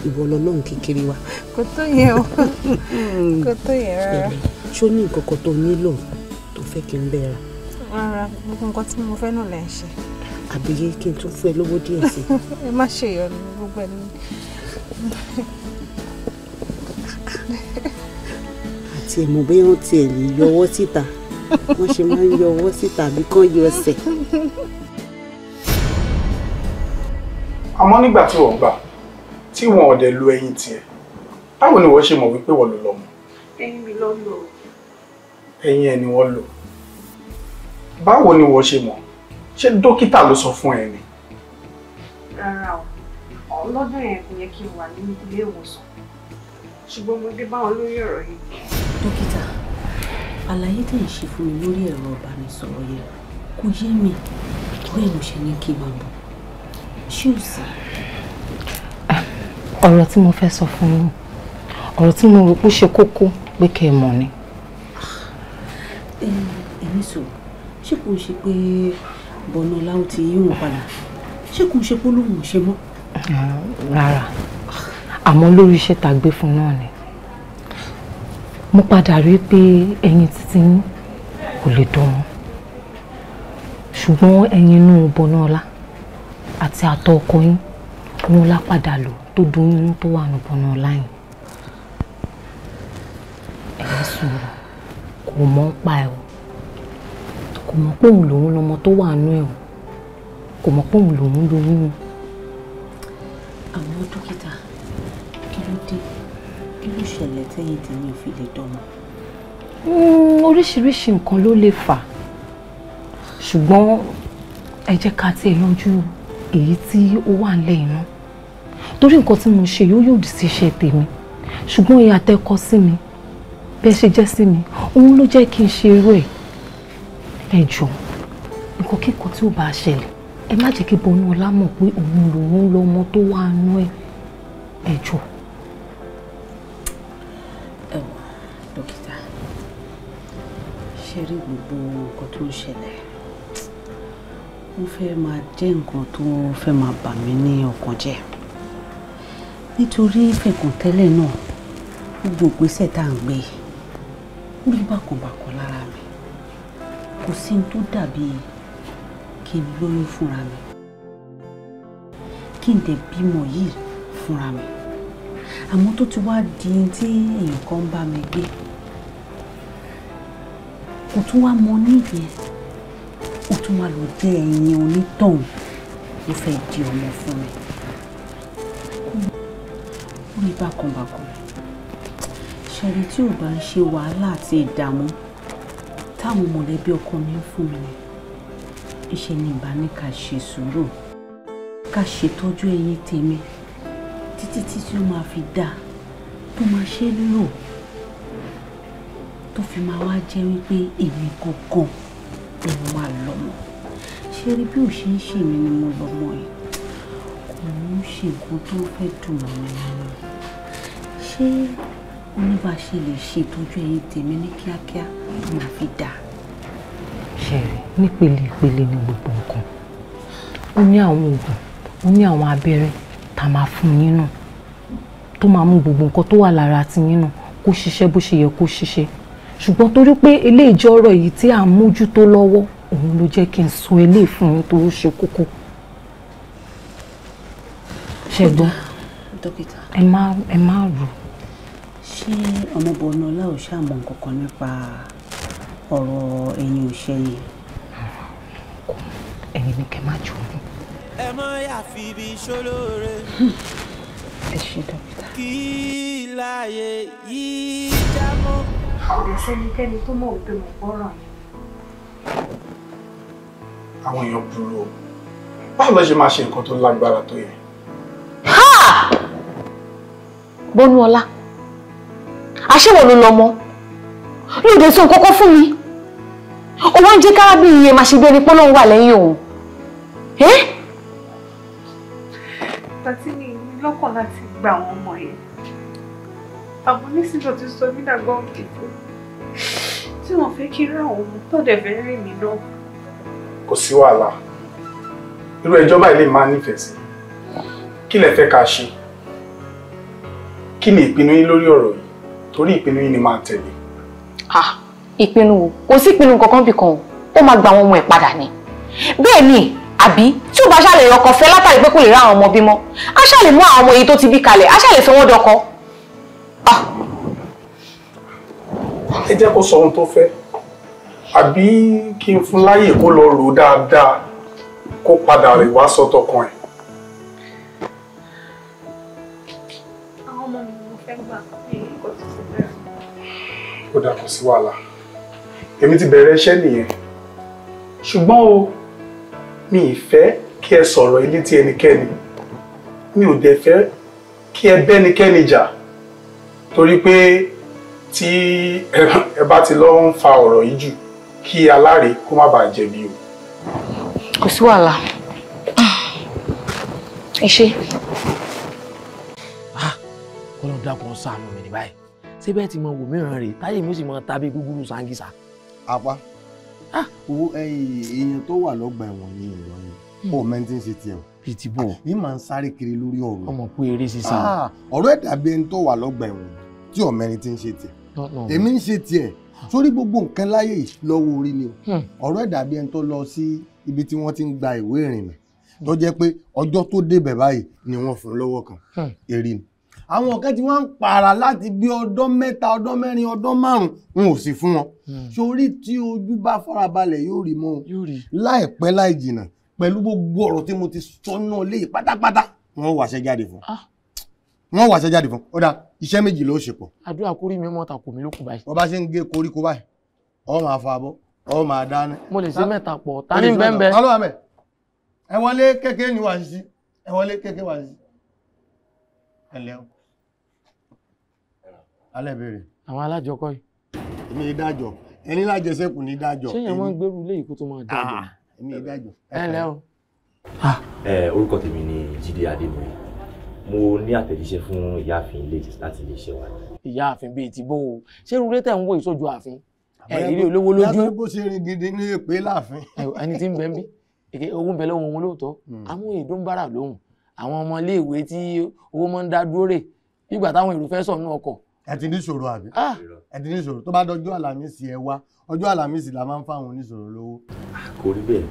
ìwọ lọ́lọ́run kékeré wa. kò tó yẹ o [laughs] kò tó yẹ rárá. ṣó ní nǹkan kan tó nílò tó fẹ́ kí n bẹ́ẹ̀ ra. rárá gbogbo nǹkan tí mo fẹ́ náà lẹ́ ń ṣe. àbí kí n tún fún ẹ lówó díẹ̀ sí. [laughs] ẹ má ṣe ìyọnu gbogbo ẹ ní. àti ẹ̀mọ́ bí wọ́n ti ẹ̀ síta wọ́n ṣe máa ń yọ ọwọ́ síta àbí kán yọ ẹsẹ̀ àmọ́ nígbà tí wọ́n gbà tí wọn ò dẹ̀ lu ẹyin tiẹ̀ báwo ni wọ́n ṣe mọ̀ wípé wọ́n lò lọ́mọ. ẹyin mi ló lò. ẹyin ẹ ni wọ́n lò. báwo ni wọ́n ṣe mọ̀ ṣé dókítà ló sọ fún ẹ ni. rárá o ọlọ́dún yẹn kò yẹ kí n wà ní ilé ìwòsàn ṣùgbọ́n mo dé báwọn lórí ọ̀rọ̀ yìí. dókítà àlàyé tẹ̀ ń ṣe fún mi lórí ẹ̀rọ ìbánisọ̀rọ̀ yẹn kò yé mi bẹ́ẹ̀ ló ṣe ní kí n máa bọ̀ shoes. ọ̀rọ̀ tí mo fẹ́ sọ fún yín ọ̀rọ̀ tí mo rò pé ó ṣe kókó pé kẹ́ ẹ mọ̀ ni. èmi sọ ṣé kò ń ṣe pé bọ́nà láwọn ti yí wọn padà ṣé kò ń ṣe pé olóhùn ṣe mọ́. rárá àmọ́ lórí iṣẹ́ tá a gbé fún náà ni mo padà rí i pé ẹyin títí kò lè dán mọ́ ṣùgbọ́n ẹyin inú bọ́nà ọlá àti àtọ̀ ọkọ yín ní ó lápadà lò tó dun yín tó wà nùbọ̀nà ọ̀láyìn ẹ̀yìn sùúrù kò mọ̀ ń pa ẹ̀ o kò mọ̀ pé òun lòun lọmọ tó wà nú ẹ̀ o kò mọ̀ pé òun lòun lóyún o. àmọ́ dókítà kí ló dé kí ló ṣẹlẹ̀ tẹ́yìn tèmi ò fi lè dọ́mọ. Hmm, oríṣiríṣi nǹkan ló lè fà ṣùgbọ́n ẹ jẹ́ ká tiẹ̀ yanjú o èyí tí ó wà nílẹ̀ iná torí nǹkan tí mo ṣe yóò yòdì sí iṣẹ́ tèmi ṣùgbọ́n ìyá tẹ́kọ́ sí mi bẹ́ẹ̀ ṣe jẹ́ sí mi òun ló jẹ́ kí n ṣe irú ẹ̀ ẹ jọ̀ọ́ nǹkan kíkan tí ó bá ṣẹlẹ̀ ẹ má jẹ́ kí bọ́nú ọlá mọ̀ pé òun lòun lọ́mọ tó wà nú ẹ̀ ẹ jọ̀ọ́. ẹ dókítà ṣe rí gbogbo nǹkan tó ń ṣẹlẹ̀ ó fẹ́ máa jẹ́ nǹkan tó fẹ́ máa bà mí ní ọkàn jẹ́ nítorí fẹ̀kùntẹ́lẹ̀ náà gbogbo ìgbésẹ̀ tá à ń gbé bí bákànbákan lára mi kò sí ní tó dàbí kí n lóyún fúnra mi kí n tẹ̀ bímọ yìí fúnra mi àmọ́ tó ti wá di tí èèyàn kan ń bá mi gbé kò tún wá mọ nídìí ẹ̀ o tún máa lọ dé ẹ̀yìn onítọ̀hún ló fẹ́ di ọmọ fún mi ó rí bákanbákan ṣẹ̀rí tí o bá ń ṣe wàhálà àti ìdààmú táwọn mọ̀lẹ́bí ọkọ mi ń fún mi ni ìṣe ni ìbá ní ká ṣe sùúrù ká ṣètọ́jú ẹyin tèmi títí tí ó máa fi dáa tó máa ṣe lò tó fi máa wá jẹ́ wípé èmi gangan òun máa lọ mọ́ ṣé rí bí ò ṣe ń ṣe mí ni mo lọ mọ́ ẹ òun ṣe nǹkan tó fẹ́ dùn mọ́ mi nínú ṣé ó ní bá ṣe lè ṣètọ́jú ẹyin tèmi ní kíákíá tó máa fi dáa. ṣẹ̀rí nípele ìpele ni gbogbo nǹkan ó ní àwọn oògùn ó ní àwọn abẹ́rẹ́ tá a máa fún yín nù tó máa mú gbogbo nǹkan tó wà lára ti yín nù kó ṣiṣẹ́ bó ṣe yẹ kó ṣiṣẹ́ ṣùgbọ́n torí pé eléyìí jẹ́ ọ̀rọ̀ yìí tí à ń mójútó lọ́wọ́ òun ló jẹ́ kí n sọ eléyìí fún yín tó ṣe kókó. ṣẹ́gbọ́n dókítà ẹ má ẹ má rò. ṣé ọmọbìnrin ọlá ò ṣàmọ̀ nǹkan kan nípa ọ̀rọ̀ ẹ̀yìn òṣèyìn. ẹ̀yin ni kẹ́ máa jù ú. ẹ mọ yàfi ibi ṣolóore. ẹ ṣe dókítà. kí láàyè yìí já kò dẹ̀ sẹ́nikẹ́ni tó mọ̀ wípé mo gbọ́ràn yìí. àwọn èèyàn burú o báwo ló ṣe máa ṣe nǹkan tó lágbára tó yẹ. Bọ́núọlá àṣẹwọ̀ ló lọ́mọ ló dé sọ kọ́kọ́ fún mi òun ń jẹ́ kárábìnrin yẹn máa ṣe bí ẹni pé Ọlọ́run wà lẹ́yìn òun. Tàtí mi lọ́kàn láti gba àwọn ọmọ yẹn àwọn onísìnà ti sọ mí dàgbà òkèkè tí wọ́n fẹ́ kí ra òun tó dẹ̀ fẹ́ rí mi náà. kò sí wàhálà irú ẹjọ́ báyìí lè máa nífẹ̀ẹ́ sí kí lẹ fẹ́ ká ṣe kí ni ìpinnu yín lórí ọ̀rọ̀ yìí torí ìpinnu yín ni máa tẹ̀lé. ah ìpinnu wo kò sí ìpinnu kankan bì kan o ó máa gba àwọn ọmọ ẹ̀ padà ni bẹ́ẹ̀ ni àbí tí ó bá ṣàlè rọkọ fẹ́ látàrí pé kò lè rá àwọn ọmọ bímọ á ṣàlè mú àwọn ọmọ yìí tó ti bí kalẹ̀ á fẹ́ wọ́n dọkọ ẹ jẹ́ kó sọ ohun tó fẹ́ àbí kí n fún láyè kó lọ rò dáadáa kó padà rè wá sọ́tọ̀ kan ẹ̀. àwọn ọmọ mi mo fẹ́ gbà pé kò tó ti bẹ̀rẹ̀. ó dà kò sí wàhálà èmi ti bẹ̀rẹ̀ iṣẹ́ nìyẹn ṣùgbọ́n o mi ì fẹ́ kí ẹ sọ̀rọ̀ ilé tí ẹnikẹ́ni mi ò dẹ̀ fẹ́ kí ẹ bẹ́nikẹ́ni jà torí pé tí ẹ bá ti lọ ń fa ọ̀rọ̀ yìí jù kí aláre kó má bàa jẹ̀bi o. kò sí wàhálà ẹ ṣe. Ah, ọlọ́run dákun ṣàánú mi ní báyìí ṣé bẹ́ẹ̀ ti mọ wò mìíràn rèé táyé mi ó sì mọ tàbí gúgúrú sangisa. apá ah! owó èèyàn tó wà lọ́gbà ẹ̀wọ̀n ni ìrọ̀lẹ́ kó o ṣe tiẹ̀ o bíi ti bò. yìí máa ń sáré kiri lórí ọ̀rọ̀. ọmọ pé eré sísá. Ah, ọ̀rọ̀ ẹ̀ dàbí ẹni tó wà lọ́gbà ẹ̀wọ̀n tí ọ̀mọ ẹni ti ń ṣe tiẹ̀. èmi ń ṣe tiẹ̀ sórí gbogbo nǹkan láyé lọ́wọ́ orí ni hmm. ọ̀rọ̀ ẹ̀ dàbí ẹni tó lọ sí ibi tí wọ́n ti ń gba ìwé ìrìnnà hmm. tó jẹ́ pé ọjọ́ tó débẹ̀ báyìí ni wọ́n fún lọ́wọ́ kan hmm. eré ni. àwọn kan tí wọ́n ń para láti bí ọdún mẹ́ta ọdún mẹ́rin ọdún márùn-ún n ò sì fún wọn. sórí tí ojú bá farabalẹ̀ yóò rí mọ́ láìpẹ́ láì jìnnà pẹ̀lú gbogbo ọ̀rọ̀ tí mo ti sọ náà lé pátápátá wọ́n wàṣẹ jáde fún ah. wọ́n wàṣẹ jáde fún ó dà iṣẹ́ méjì ló ṣe pọ̀. àdúrà kórì mi mọ́ta kò mí lókun báyìí. ọba ṣe ń gé koríko báyìí ọ máa fa abọ́ ọ máa dáná. mo lè ṣe mẹ́ta pọ̀ ta ní bẹ́ẹ̀ bẹ́ẹ̀. ẹ wọlé kékeré ni wàá ṣí ẹ wọlé kékeré wàá ṣí ẹ lẹ́wọ̀n alẹ́ bèrè. àwọn alájọkọ́ yìí. èmi ní dájọ́ ẹni lájẹsẹ́kù ní dájọ́. ṣé yẹn máa ń gbèrú ilé ìkú tó máa dájọ́ èmi yìí dájú. ẹ ǹlẹ́ o. Ah. ẹ orúkọ tèmi ni Jídé Adémọ́yè mo ní àtẹ̀jíṣẹ́ fún ìyáàfin ilé láti ilé iṣẹ́ wa. ìyáàfin bíi ti bó o ṣé irú rétẹ̀ ń wo ìṣojú ààfin ẹ̀rí olówó lójú. yàtọ̀ bó ṣe rin gidi ní èpè láàfin. ẹni tí ń bẹ ń bí èké owó ń bẹ lọ́wọ́ òun lóòótọ́ hmm. àwọn èdò ń bára lóhùn àwọn ọmọ iléèwé tí owó máa ń dá dúró rè nígbà táwọn èrò fẹ́ sọ̀ ọkọ̀. ẹ ti ní ìṣòro àbí. Ah ẹ ti níṣòro tó bá dọjọ́ àlàmísì ẹ wá ọjọ́ àlàmísì la máa ń fáwọn oníṣòro lówó. kò rí bẹ́ẹ̀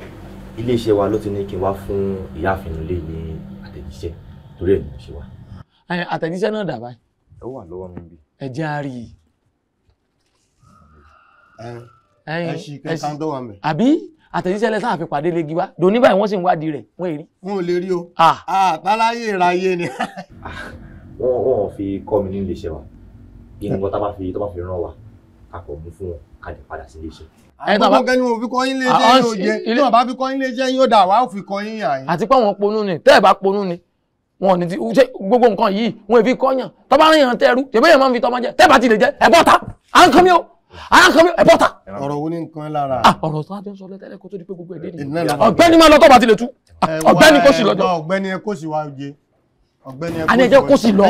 iléeṣẹ́ wa ló ti ní kí n wá fún ìyáàfin lè ní àtẹ̀jíṣẹ́ torí ẹ̀ ni mo ṣe wá. àtẹ̀jíṣẹ́ náà dà báyìí. ó wà lọ́wọ́ mi bí. ẹ jẹ́ á rí i. ẹ ṣì kẹ́kẹ́ tó wà mẹ́. àbí àtẹ̀jíṣẹ́ lẹ́sà àfi pàdé legi wá dòní báyìí wọ́n sì ń wádìí rẹ̀ wọ́n èrí. wọn ò lè rí o. àtàláyé ìráyé ni. Ah, wọ́n ò fi kọ́ mi ní iléeṣẹ́ wa kí ni nǹkan tá bá fi tó bá fi ràn wá kakọ̀ mú fún wọn ká lè padà sí ilé iṣẹ́. gbogbo kẹ́ni mo fi kọ́ yín léṣẹ́ yín ò jẹ́ tí wọ́n bá fi kọ́ yín léṣẹ́ yín ó dà wá ó fi kọ́ yín yà yín. àti pé wọn ponú ni tẹ́ ẹ̀ bá ponú ni wọn ní ṣe gbogbo nǹkan yìí wọn èfi kọ́yàn tó bá rìn yàn tẹ́rú tẹ́bí yàn máa ń fi tọ́mọ jẹ tẹ́ bá ti lè jẹ ẹ̀ bọ́ta à ń kán mi o à ń kán mi o ẹ̀ bọ́ta. ọ̀rọ̀ wo ni nǹkan lára. Ah, ọ̀rọ̀ tó a jọ sọ lẹ́tẹ̀lẹ́ kó tó di pé gbogbo ẹ̀ dé ni ọ̀gbẹ́ni máa lọ tó bá ti lè tú ọ̀gbẹ́ni kó sì lọ́jọ́. ọ̀gbẹ́ni kó sì wá oje àní ẹjọ́ kó sí lọ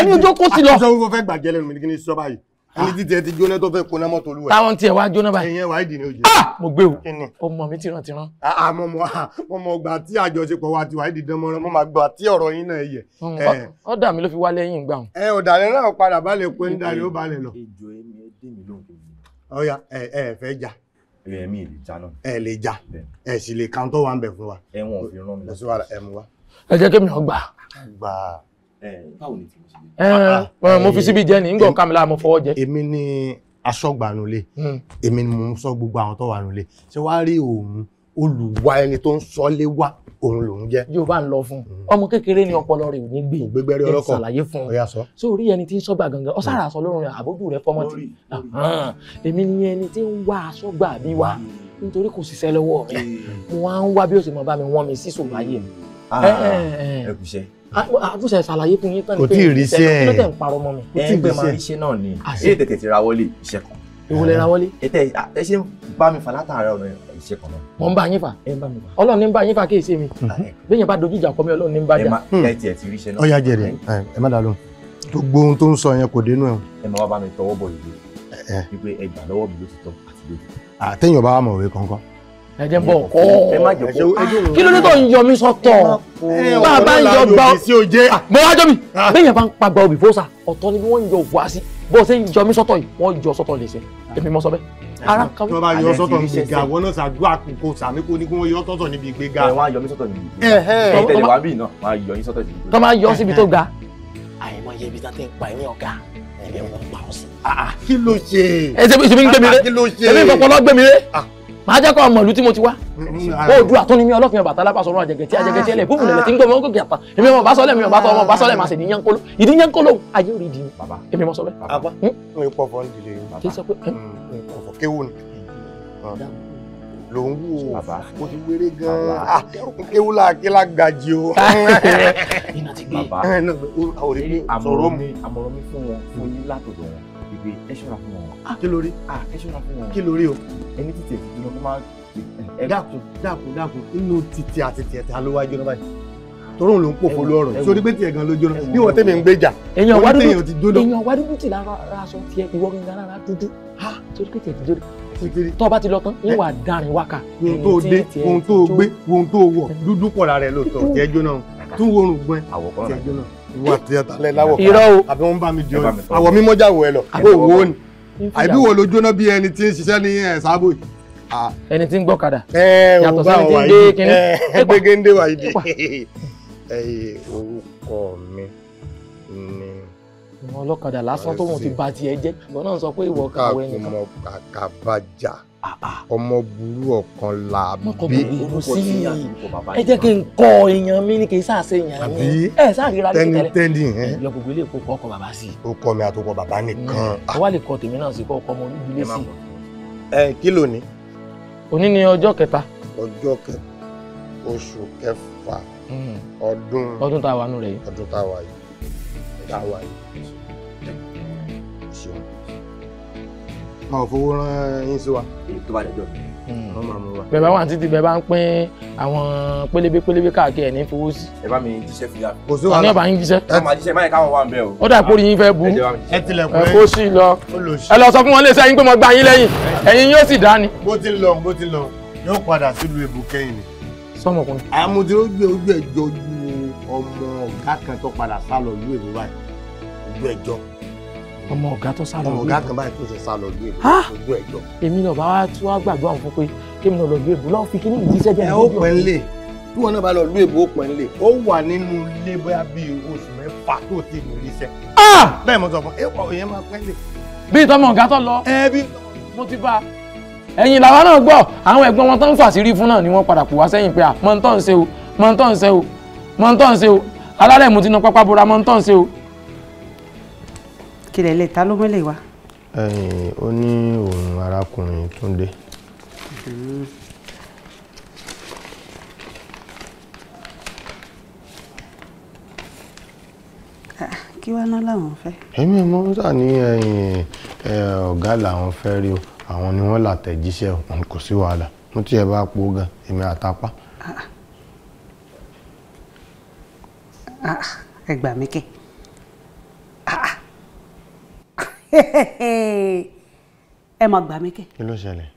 ẹni ẹjọ́ kó sí lọ. àtúnṣe owó fẹ́ gbàjẹ́ lẹ́nu mi kí ni sọ báyìí ẹni títí ah. ẹ ti jóná tó fẹ́ kóná mọ́tò olúwẹ̀. táwọn tiẹ̀ wá jóná báyìí. ìyẹn wà á dì ní ojú. mo gbé o ọmọ mi tìran tìran. Ah, àmọ́ ah, mo mo mọ ọgbà tí àjọṣepọ̀ wa ti wà á dì dán mọ́ra mo máa gbà tí ọ̀rọ̀ yín náà yẹ. Mm, ọ̀dà mi ló fi wá lẹ́yìn gbà. ẹ ọ̀dàlẹ̀ náà padà balẹ̀ pé ń darí ó balẹ̀ lọ. ìjọ èmi ẹ dé mi lóhùn tó yẹ. ọ̀ya ẹ ẹ fẹ́ jà ẹ̀mí ìlè já náà. ẹ lè já ẹ sì lè kàńtọ́ wa ń bẹ̀ fún wa. ẹ̀wọ̀n òfin rán mi. ẹ jẹ́ kí mi náà gbà gbà. báwo ni tìmọ̀ ṣe jẹ́. Ah, ah, mo eh, fi síbi jẹ́ ni ngbọ̀n kámilá mo fọwọ́ jẹ. èmi ni aṣọ́gbanulé hmm. èmi ni mo ń sọ gbogbo àwọn tó wà nulé ṣé wàá rí òun olùwà ẹni tó ń sọlé wá òun lòun jẹ́. yóò bá ń lọ fún hmm. ọmọ kékeré ni ọpọlọ rẹ̀ ò ní gbé gbẹgbẹrẹ ọlọkọ ṣàlàyé fún un so orí ẹni tí ń sọgbà gangan ọsàrà hmm. aṣọ lórun rẹ̀ àbójú rẹ̀ fọmọ tì ah, èmi ni ẹni tí ń wá aṣọgbà bí wá nítorí kò ṣiṣẹ́ lọ́wọ́ mi mo wá ń wá bí ó ṣe mọ bá mi wọ́n mi sí sòwò eh, eh, ẹ ẹ ẹ àtúnṣe ṣàlàyé fún yín tán ni pé ìṣẹ́ ló tẹ̀ ń parọ́ mọ́ mi. kò tí ì gbé máa ríṣẹ́ náà ni èyí tètè ti rawọ́lé iṣẹ́ kan. èwo lẹ rawọ́lé. ètè ẹ ṣe ń bá mi fà látàárọ̀ ọ̀nà iṣẹ́ kan náà. mo ń bá yín fà. ẹ ń bá mi fà. ọlọ́run ní ń bá yín fà kí èsì mi. Mhm. bẹ́ẹ̀ bá dojú ìjà kọ mi ọlọ́run ní ń bá jà. ẹ má ẹ. ẹ ti tọ́ eh, eh. àti lójú. àtẹ̀yìn ẹjẹ bọ kọ kí ló dé tó ń yọ mí sọ́tọ̀ bá a bá ń yọ gba mo ah, wá jọ mi ah. bẹ́ẹ̀ yẹn bá ń pa gba obì fóòsà ọ̀tọ̀ ni wọ́n ń yọ òfò àṣì bó ṣe ń yọ mí sọ́tọ̀ yìí wọ́n yọ sọ́tọ̀ lè ṣe èmi mọ sọ bẹ́ẹ̀ ah, ara kan tó bá yọ sọ́tọ̀ níbi ìgbéga wọn náà ṣàdúrà kò sàmì kó ní kí wọn yọ sọ́tọ̀ níbi ìgbéga ẹ wọn á yọ mí sọ́tọ̀ níbi ìgbéga ẹ tẹ́lẹ̀ wá bí iná wọn yọ yín sọ́tọ̀ níbi ìgbéga tó máa yọ síbi tó ga àìmọye ibi tá ti ń pa ẹ̀yìn ọ̀gá ẹ̀yìn wọn pa ọ kí ló ṣe. ẹ ṣe bí n gbẹmí rẹ ẹ bí n fọpọlọ gbẹmí rẹ màá jẹ́ kọ́ ọmọ ìlú tí mo ti wá oòdùà tó ní mi ọlọ́fin Ọbàtálá bá sọ̀rọ̀ àjẹgẹ̀tì ah. àjẹgẹ̀tì ẹlẹ̀ búburú lẹ̀ tí ń gbọ́mọ gòkè àtà èmi ọmọ bàṣọlẹ̀ mi ọba tọ́ ọmọ bàṣọlẹ̀ màá sì ní yánkóló ìdí yánkóló ayé orí ìdí bàbá èmi mọ̀ sọ bẹ́ẹ̀. àbá mi pọ̀ fọ́ nídìí lẹ́yìn bàbá kí hmm? sọ pé hmm, kéwù ni hmm. ló ń wò ó ti wéré gan-an ah, kéwù [laughs] [laughs] gbé ah. ah, ẹ ṣọ́ra fún wọn. kí ló rí. ẹ ṣọ́ra fún wọn. kí ló rí o. ẹni ti ìjọba kó máa. Eh, dákun dákun dákun inú títí àti tìẹ̀tà ló wá báyìí torún ló ń pòfo lọ́rọ̀ sórí pé tiẹ̀ gan ló jóná bí wọ́n tẹ̀mí ń gbéjà wọ́n tẹ̀yìn ti jóná. èèyàn wá dúdú tì lára aṣọ tiẹ̀ ìwọ gangan lára dúdú sórí pé tiẹ̀ ti jóná tọ́ bá ti lọ tán ìwà darin wákà. ohun tó dé ohun tó gbé ohun tó wọ̀ dúdú pọ̀ ìwọ àti ẹ̀tàlẹ̀ láwọ̀ kan àbí wọ́n bá mi di oyin àwọ̀ mímọ́ jáwọ̀ ẹ lọ ó wò ni àbí wo ló jóná bí ẹni tí ń ṣiṣẹ́ ní ẹ̀ sáàbò yìí. ẹni tí ń gbọ́ kadà yàtọ̀ sẹ́ni tí ń dé kínní. ẹgbẹ́gẹ́ndé wà yìí dé orúkọ mi ni. ìwọ ọlọ́kadà lásán tó wọn ti ba tiẹ̀ jẹ́ ìwọ náà sọ pé ìwọ kàwé nìkan. kàkàbàjà ọmọ burú ọ̀kan la bí ẹ jẹ́ kí n kọ èèyàn mi ní kì í sàṣe èèyàn mi ẹ sáàríra ní tẹ́lẹ̀ tẹ́ni ẹ yọ gbogbo ilé ìkókọ ọkọ bàbá sí i. ó kọ mi àtọkọ bàbá nìkan. Hmm. ó wá lè kọ tèmi náà sí kọ ọkọ ọmọ olúbilé sí i. ẹ kí ló ní. òní ni ọjọ́ kẹta. ọjọ́ kẹta oṣù kẹfà hmm. ọdún. ọdún tá a wà nù rẹ̀ yìí. ọdún tá a wà yìí tá a wà yìí. ṣeun. wọn ò fowó rán yín sí wa èyí tó bá dẹjọ́ hmm. wọ́n máa mú wa. bẹ́ẹ̀ bá wà títí bẹ́ẹ̀ bá ń pín àwọn pélébé pélébé káàkiri ẹ̀ fowó sí. ẹ bá mi jíṣẹ́ fìlà. kò sí wàhálà àwọn ọba yín jíṣẹ́. ẹ máa máa yẹ káwọn wà ń bẹ o. ó dà pé yín fẹ́ bu ẹ kó sí i lọ ẹ lọ sọ fún wọn lè sẹ́yìn pé mo gba yín lẹ́yìn ẹ̀yin yóò sì dání. bó ti lọ bó ti lọ yóò padà sílùú èbù kẹ́yìn ni. sọmọkùnrin. àmọ́ tí ojú ẹjọ́ ju ọmọ ọ̀gá kan tó padà sálọ ìlú èbù báyìí ọmọ ọ̀gá tó sá lọ ọmọ ọ̀gá kan báyìí tó ṣe sá lọ gbé ìbò gbogbo ẹ̀ jọ. èmi náà bá wá tí wàá gbàgbọ́ àwọn fún pé kémi náà lọ gbé ìbò lọ́wọ́ fi kíní ìdíṣẹ́ jẹ́ ẹ ó pẹ́ ńlẹ̀ tí wọn náà bá lọ lú èbó pẹ́ ńlẹ̀ ó wà nínú ilé bóyá bíi oṣù mẹ́fà tó ti lù ú iṣẹ́. bẹ́ẹ̀ mo sọ fún ẹ ọ̀ ìyẹn máa pẹ́ ńlẹ̀. bí ìtọ́mọ ọ̀gá tó lọ mo làwa náà gbọ́ àwọn ẹ̀gbọ́n wọn tó ń fàṣírí fún náà ni wọ́n padà kù wá sẹ́yìn pé à mọ̀ ń tọ́ ń ṣe o mọ̀ ń tọ́ ń ṣe o mọ̀ ń tọ́ ń ṣe o alálẹ̀ mo ti na pápá bora mọ̀ ń tọ́ ń ṣe o kílẹ̀ lẹ̀ ta ló mẹ́lẹ̀ wá. ó ní òun arákùnrin Túndé. Ah, kí wá ná làwọn fẹ́. èmi mọ sà ní ọ̀gá làwọn fẹ́ rí o àwọn ni wọ́n làtẹ̀jíṣẹ́ ọ̀hún kò sí wàhálà mo tiẹ̀ bá po gan èmi àtàpá. Ah, ah, ẹ gbà mí kẹ́ [laughs] ẹ máa gbà mí kẹ́. kí ló ṣẹlẹ̀.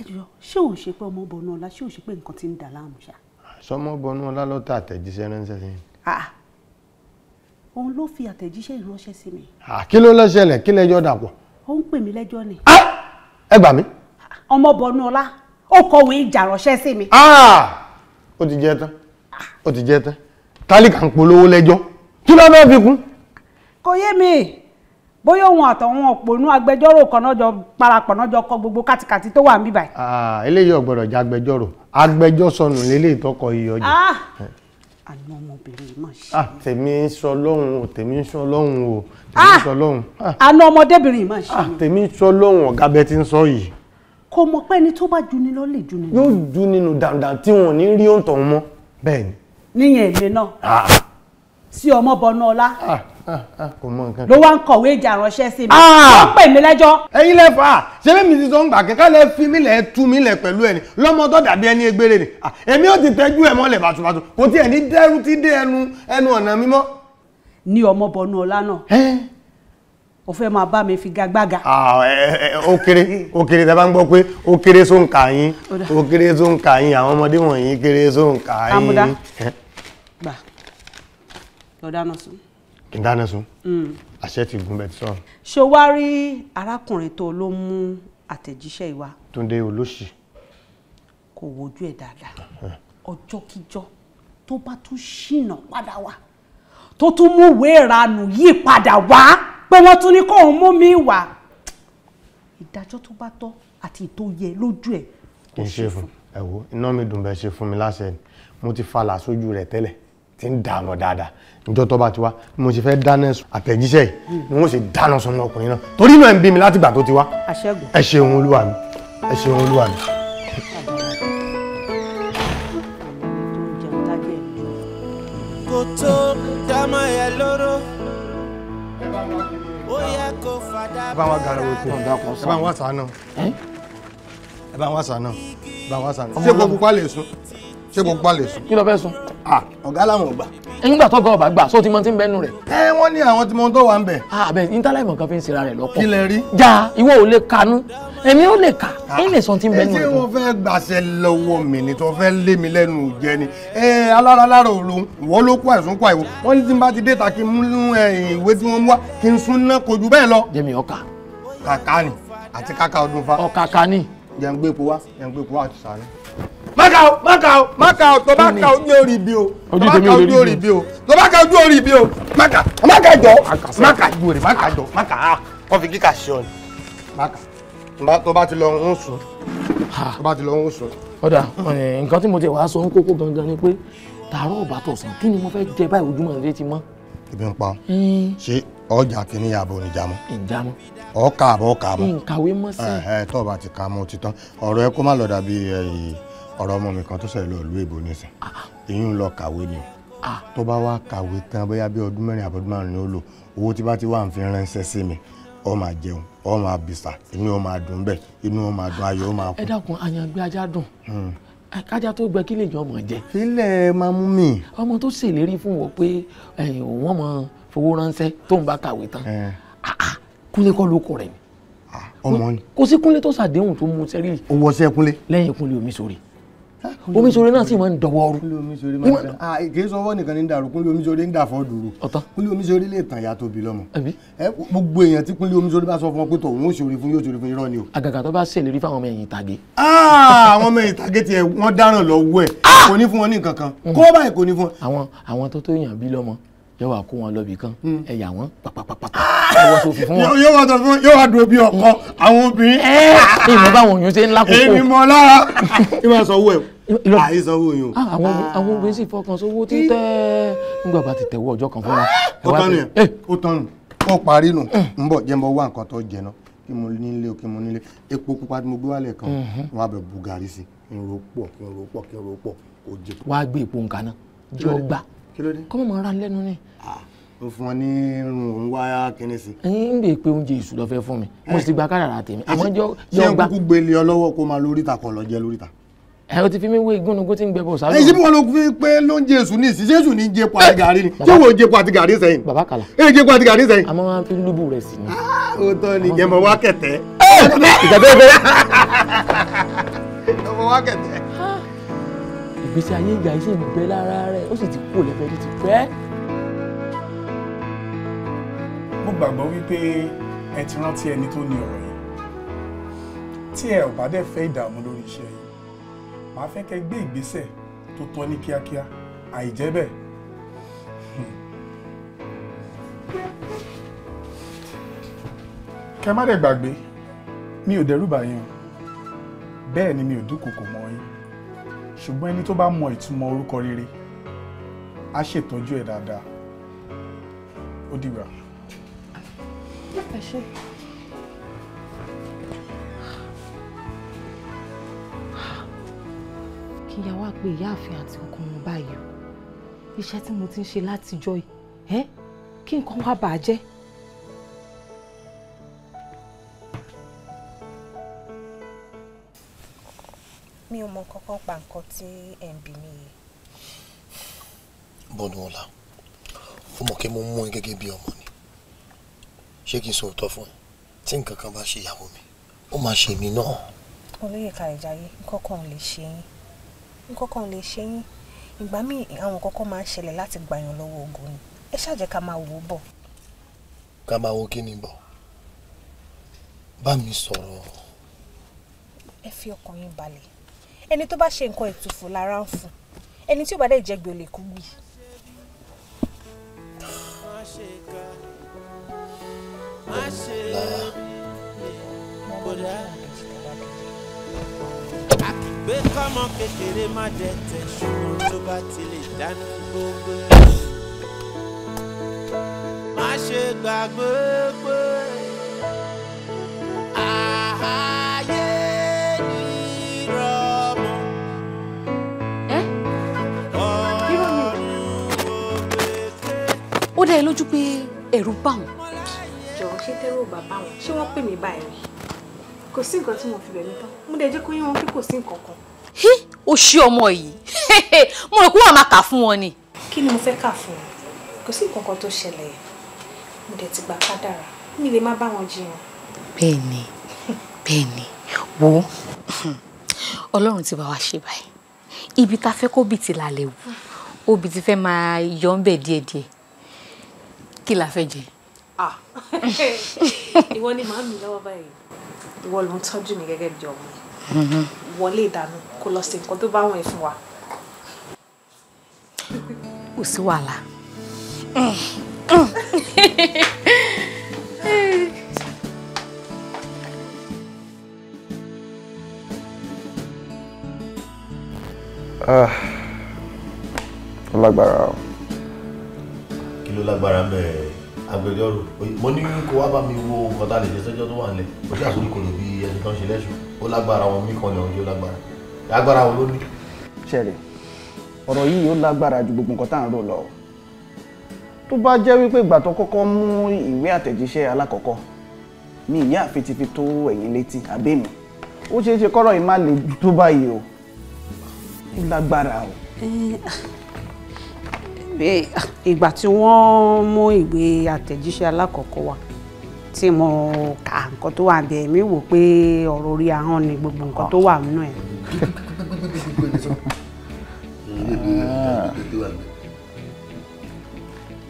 ẹ jọ ṣé òun ṣe pé ọmọ bọnú ọlá ṣé òun ṣe pé nǹkan ti ń dà láàmú ṣá. sọmọ bọnú ọlá ló ta àtẹ̀jíṣẹ́ ránṣẹ́ sí mi. òun ló fi àtẹ̀jíṣẹ́ ìránṣẹ́ sí mi. kí ló ló ṣẹlẹ̀ kí lẹ́jọ́ dàpọ̀. ó ń pè mí lẹ́jọ́ ni. ẹ gbà mí. ọmọ bọnú ọlá ó kọ̀wé ìjà ránṣẹ́ sí mi. ó ti jẹ tán ó ti jẹ tán tálíkà ń polówó lẹ́jọ́ kí ló fẹ́ fi kún. kò yé mi bóyá òun àtọ̀wọn òpònú agbẹjọ́rò kan náà jọ parapọ̀ náà jọ kọ gbogbo kàtìkàtì tó wà ń bíbà. eléyìí ò gbọ́dọ̀ jẹ agbẹjọ́rò agbẹjọ́sọnù lélẹ̀ ìtọ́kọ iye ọjà. àná ọmọbìnrin mà ṣe. Ah, tèmi ń sọ lọ́hùn o tèmi ń sọ lọ́hùn o tèmi ń ah! sọ lọ́hùn. Ah! àná ọmọdébìnrin mà ṣe. tèmi ń sọ lọ́hùn ọ̀gá bẹ́ẹ̀ ti ń sọ yìí. kò mọ̀ pé ẹni tó bá ju ni lọ sí ọmọ bọnú ọlá ah, ah, ah, ló wá ń kọ̀wé ìjà ránṣẹ́ sí mi wọ́n pè mí lẹ́jọ́. ẹ̀yin lẹfà ṣé mímí ti sọ ń gbà kẹkẹ lẹ fi mí lẹ tú mí lẹ pẹ̀lú ẹni lọmọ tó dàbí ẹni egbére ni èmi ò ti tẹjú ẹ mọ́lẹ̀ bàtúbàtú kò tí ẹni dẹrù ti dé ẹnu ẹnu ọ̀nà mímọ́. ní ọmọ bọnú ọlá náà o fẹ́ máa bá mi fi gagbága. ó kéré ó kéré tẹ́ bá ń gbọ́ pé ó kéré sóǹkà yín ó kéré sóǹkà yín àwọn ọmọdé wọ̀nyí kéré sóǹkà yín lọ dáná sun. kí n dáná sun. Mm. àṣẹ ti gun bẹ̀tì sọ̀rọ̀. ṣé o wá rí arákùnrin tó ló mú àtẹ̀jíṣẹ́ ìwà. túndé olóṣì. kò wojú ẹ̀ dáadáa ọjọ́kíjọ́ tó bá tún ṣìnà padà wá tó tún mú ìwé ìranù yìí padà wá pé wọ́n tún ní kóun mú mi wá ìdájọ́ tó bá tọ́ àti ètò yẹ lójú ẹ̀. kì í ṣe fún ẹ wo iná mi dùn bẹ́ẹ̀ ṣe fún mi láṣẹ mo ti falà sójú rẹ̀ tẹ́lẹ̀ ti ń dààmú dáadáa níjọ́ tó bá mo sì fẹ́ dáná sùn àtẹ̀jíṣẹ́ yìí ni wọ́n sì dáná sùn ní ọkùnrin náà torí náà ń bí mi láti gbà tó ti wá ẹ ṣeun olúwa mi ẹ ṣeun olúwa mi. kò tó dámọ̀ yẹn lóró ó yẹ kó fàdá bẹ́ẹ̀ ẹ bá wa gara wo tó ẹ bá wa sànà ẹ bá wa sànà ẹ bá wa sànà ṣé kò kúkú á lè sùn ṣé mo gbọ́n lè sùn. kí ló fẹ́ sùn. ọ̀gá làwọn ò gbà. ẹyin gbà tọ́gọ̀ ọ̀bà gbà sóò tí mo ti ń bẹ́nu rẹ̀. ẹ wọ́n ní àwọn tí mo tó wà ń bẹ̀. àbẹ intanẹ́ẹ̀mọ̀ kan fi ń sera rẹ̀ lọ́pọ̀. kí lẹ rí. ja ìwọ ò lè kanú èmi ò lè kà ẹ lè sọ tí ń bẹ́nu rẹ̀. ẹ ṣé wọn fẹ́ gbàṣẹ lọ́wọ́ mi ni tí wọ́n fẹ́ lé mi lẹ́nu jẹ ni ẹ alára lára òru ìwọ ló kó àìsàn kó àìwọ wọn ní tí n bá ti dé ta kí n mú ìwé má ka o má ka o má ka o tó bá ka ojú orí bi o tó bá ka ojú orí bi o tó bá ka ojú orí bi o má ka má ka jọ má ka ju orí má ka jọ má ka a ah, wọn fi kíkà ṣe ọ ni má ka tó bá ti lọ ń sùn tó bá ti lọ ń sùn. ọ̀dà nǹkan tí mo ti wàá sọ ń kókó gangan ni pé tààrọ̀ ọ̀bà tọ̀sán kí ni mo fẹ́ jẹ báyìí ojúmọ̀ ní létí mọ́. ibi ń pa ṣé ọjà kìíní yàbọ̀ oníjàmọ́. ìjàmọ́ ọkà àbọ̀ ọkà mọ́. nǹkàwé mọ́ sí. tó ọ̀rọ̀ ọmọ mi kan tó ṣẹlẹ̀ lọ́ọ́ ìlú èbó nìsín ìyún lọ kàwé ni tó bá wá kàwé tán bóyá bí ọdún mẹ́rin àbọ̀dún márùn-ún ni ó lò owó tí bá ti wà ń fi ránṣẹ́ sí mi ó máa jẹun ó máa bìsà inú ó máa dùn bẹ́ẹ̀ inú ó máa dùn ayọ̀ ó máa kú. ẹ dákun àyàngbé ajá dùn hmm. kájá tó gbẹ kí lè jọ ọmọ jẹ. ilé máa mú mi. ọmọ tó ṣèlérí fún wọn pé òun ọmọ fowó ránṣẹ́ tó ń bá kàwé tán ah, ah, kúnlé kọ́ ló kọ rẹ̀ ah, ni. kò sí kúnlé tó ṣàdéhùn tó mú sẹ́rí. owó ṣẹ́ kúnlé. lẹ́yìn kúnlé omi sórí omiṣore náà sì máa ń dọwọ́ rú. Ah, kì í sọwọ́ nìkan ní dàrú kúnlé omiṣore ń dàfọ́ dúró kúnlé omiṣore lè tàn yàtọ̀ bí lọ́mọ gbogbo èèyàn tí kúnlé omiṣore bá sọ fún ọ pé tòun ó ṣòro fún yóò ṣòro fún irọ́ ni o. àgàgà tó bá ṣèlérí fáwọn ọmọ ẹ̀yìn ìtàgé. Ah, àwọn ọmọ ẹ̀yìn ìtàgé tiẹ̀ wọ́n dáràn lọ́wọ́ ẹ̀ ah! kò ní fún wọn ní yóò wá kó wọn lọ bì kan hmm. ẹ yà ah! wọn pàpàpàpà ẹ wọ sófin fún wọn. yóò wá sọ fún yóò wá dùn bí ọkọ àwọn obìnrin. ẹ ìmọ̀ báwọn òyìn ṣe ń lákòókò. èmi mọ lára ìmọ̀ sanwó ẹ̀ àìsanwó ah, yìí o. Ah, àwọn obìnrin sì fọkàn sówó títẹ́ nígbà bá ti tẹ̀wọ́ ọjọ́ kan fún wa. ó tán nù ó tán nù ó parí nù ń hmm. bọ̀ jẹ́ ń bọ̀ wá nǹkan tó jẹ náà kí mo nílé o kí mo nílé epo pupa tí mo gbé wálẹ̀ kan hmm. wọn á bẹ̀ bu gàrí sí i kí n ro pọ̀ kí n ro pọ̀ kí n ro pọ̀ kò jẹ. wá gbé epo nǹkan náà jọ gbà kí ló dé. kọ́mọ̀ máa ra lẹ́nu ni. o fún ọ ní irun òun wá kíní sí. ẹyin ń bèè pé oúnjẹ èṣù lọ fẹ́ fún mi mo sì gba kádàrà tèmi àmọ́ jọ gba. ṣé n kúkú gbélé ọ lọ́wọ́ kó máa lóríta kọ̀ lọ jẹ lóríta. ẹ o ti fi mí wé igúnnugún tí ń gbẹ bọ̀ sáré. ẹ ṣé bí wọn ló fi pé ló ń jẹ èṣù ní ìsìn jésù ní jẹpo àti eh! gàrí ni ṣé wo jẹpo àti gàrí sẹ́yìn. bàbá kàlà ẹ eh, jẹpo àti gàrí sẹ́yìn. àmọ́ wọn fi lúbù rẹ̀ sí ni. Ah, ó tọ́ [laughs] ìgbésí ayé ìgbà yìí sì ń bẹ lára rẹ̀ ó sì ti kú lẹ́fẹ̀ẹ́ ní ti pẹ́. mo gbàgbọ́ wípé ẹ ti rántí ẹni tó ní ọ̀rọ̀ yìí tí ẹ ò bá dẹ̀ fẹ́ ìdààmú lórí iṣẹ́ yìí màá fẹ́ kẹ́ gbé ìgbésẹ̀ tó tọ́ ní kíákíá àìjẹ́ bẹ́ẹ̀ kẹ má dẹ̀ gbàgbé mi ò dẹ́rù bàyín o ni mi ò dúnkòkò mọ́ ṣùgbọ́n ẹni tó bá mọ ìtumọ̀ orúkọ rere á ṣètọ́jú ẹ̀ dáadáa ó dìgbà. ẹ ṣe. kí ìyá wa pé ìyáàfin àti ọkùnrin báyìí o iṣẹ́ tí mo ti ń ṣe látijọ́ yìí kí nǹkan wá bàá jẹ́. mi ò mọ kankan pa nǹkan tí ẹ̀ ń bí mi yìí. Bọ́dúnọlá ó mọ̀ kí mo mú ẹ gẹ́gẹ́ bí ọmọ ni ṣé kí n sọ òótọ́ fún ẹ tí nǹkan kan bá ṣe ìyàwó mi ó máa ṣe mí náà. olóyè kàìjáyé nǹkan kan ò lè ṣe yín nǹkan kan ò lè ṣe yín ìgbà míì àwọn kọ́kọ́ máa ń ṣẹlẹ̀ láti gbàyàn lọ́wọ́ ogun ni ẹ ṣáàjẹ́ ká máa wò ó bọ̀. ká máa wo kí ni bọ̀ bá mi sọ̀rọ̀. ẹ fi ọkàn yín balẹ̀ ẹni tó bá ṣe nǹkan ìtùfù lára ń fún ẹni tí ò bá dẹ̀ jẹ́ gbé kú gbì. àkìgbé kọ́mọ kékeré má jẹ tẹ̀ tó bá ti lè dáná gbogbo má ṣe gbàgbé pé. ó dá ẹ lójú pé ẹ̀rù bá wọn. jọ̀wọ́ ṣé tẹ́rù bá bá wọn ṣé wọ́n pè mí báyìí rí kò sí nǹkan tí mo fi bẹ̀mí tán mo dẹ̀ jẹ́ kó yé wọn pé kò sí nǹkan kan. o ṣí ọmọ yìí [laughs] mo rò pé wọn máa kà fún wọn ni. kí ni mo fẹ́ kà fún wọn kò sí nǹkan kan tó ṣẹlẹ̀ mo dẹ̀ ti gbà kádàrá mi lè má bá wọn jiyàn. bẹ́ẹ̀ni bẹ́ẹ̀ni wo Ọlọ́run ti bá wa ṣe báyìí ibi tá a kó bìtì lálẹ́ wò ó bìtì fẹ́ máa yọ ń bẹ díẹ̀díẹ̀ kí la fẹ́ jẹ. ìwọ ni màá mi lọ́wọ́ báyìí ìwọ ló ń tọ́jú mi gẹ́gẹ́ bí ọmọ mhm. wọlé ìdáná kó lọ sí nǹkan tó bá wọn fún wa. kò sí wàhálà. Ah, lágbára o ló lágbára mẹ́ẹ̀ agbẹjọ́rò mo ní kó wá bá mi wo nǹkan tá a lè ṣe sẹ́jọ́ tó wà nílẹ̀ kò sí àsórí kò lè bí ẹni tó ń ṣe lẹ́sùn ó lágbára wọn mí kan lẹ́wọ̀n tí ó lágbára lágbára wọn ló ní. ṣẹlẹ̀ ọ̀rọ̀ yìí ó lágbára ju gbogbo nǹkan tá à ń rò lọ tó bá jẹ́ wípé ìgbà tó kọ́kọ́ mú ìwé àtẹ̀jíṣẹ́ alákọ̀ọ́kọ́ ni ìyá àfi ti fi tó ẹ̀yìn létí àbẹ́mi ó ṣeé ṣe kọ́rọ̀ yìí tó báyìí o ó lágbára o. Eh, ah. Ah, ìgbà tí wọ́n mú ìwé àtẹ̀jíṣẹ́ alákọ̀ọ́kọ́ wa tí mo kà nǹkan tó wà ń bẹ mi wò pé ọ̀rọ̀ orí ahọ́n ni gbogbo nǹkan tó wà nínú ẹ̀.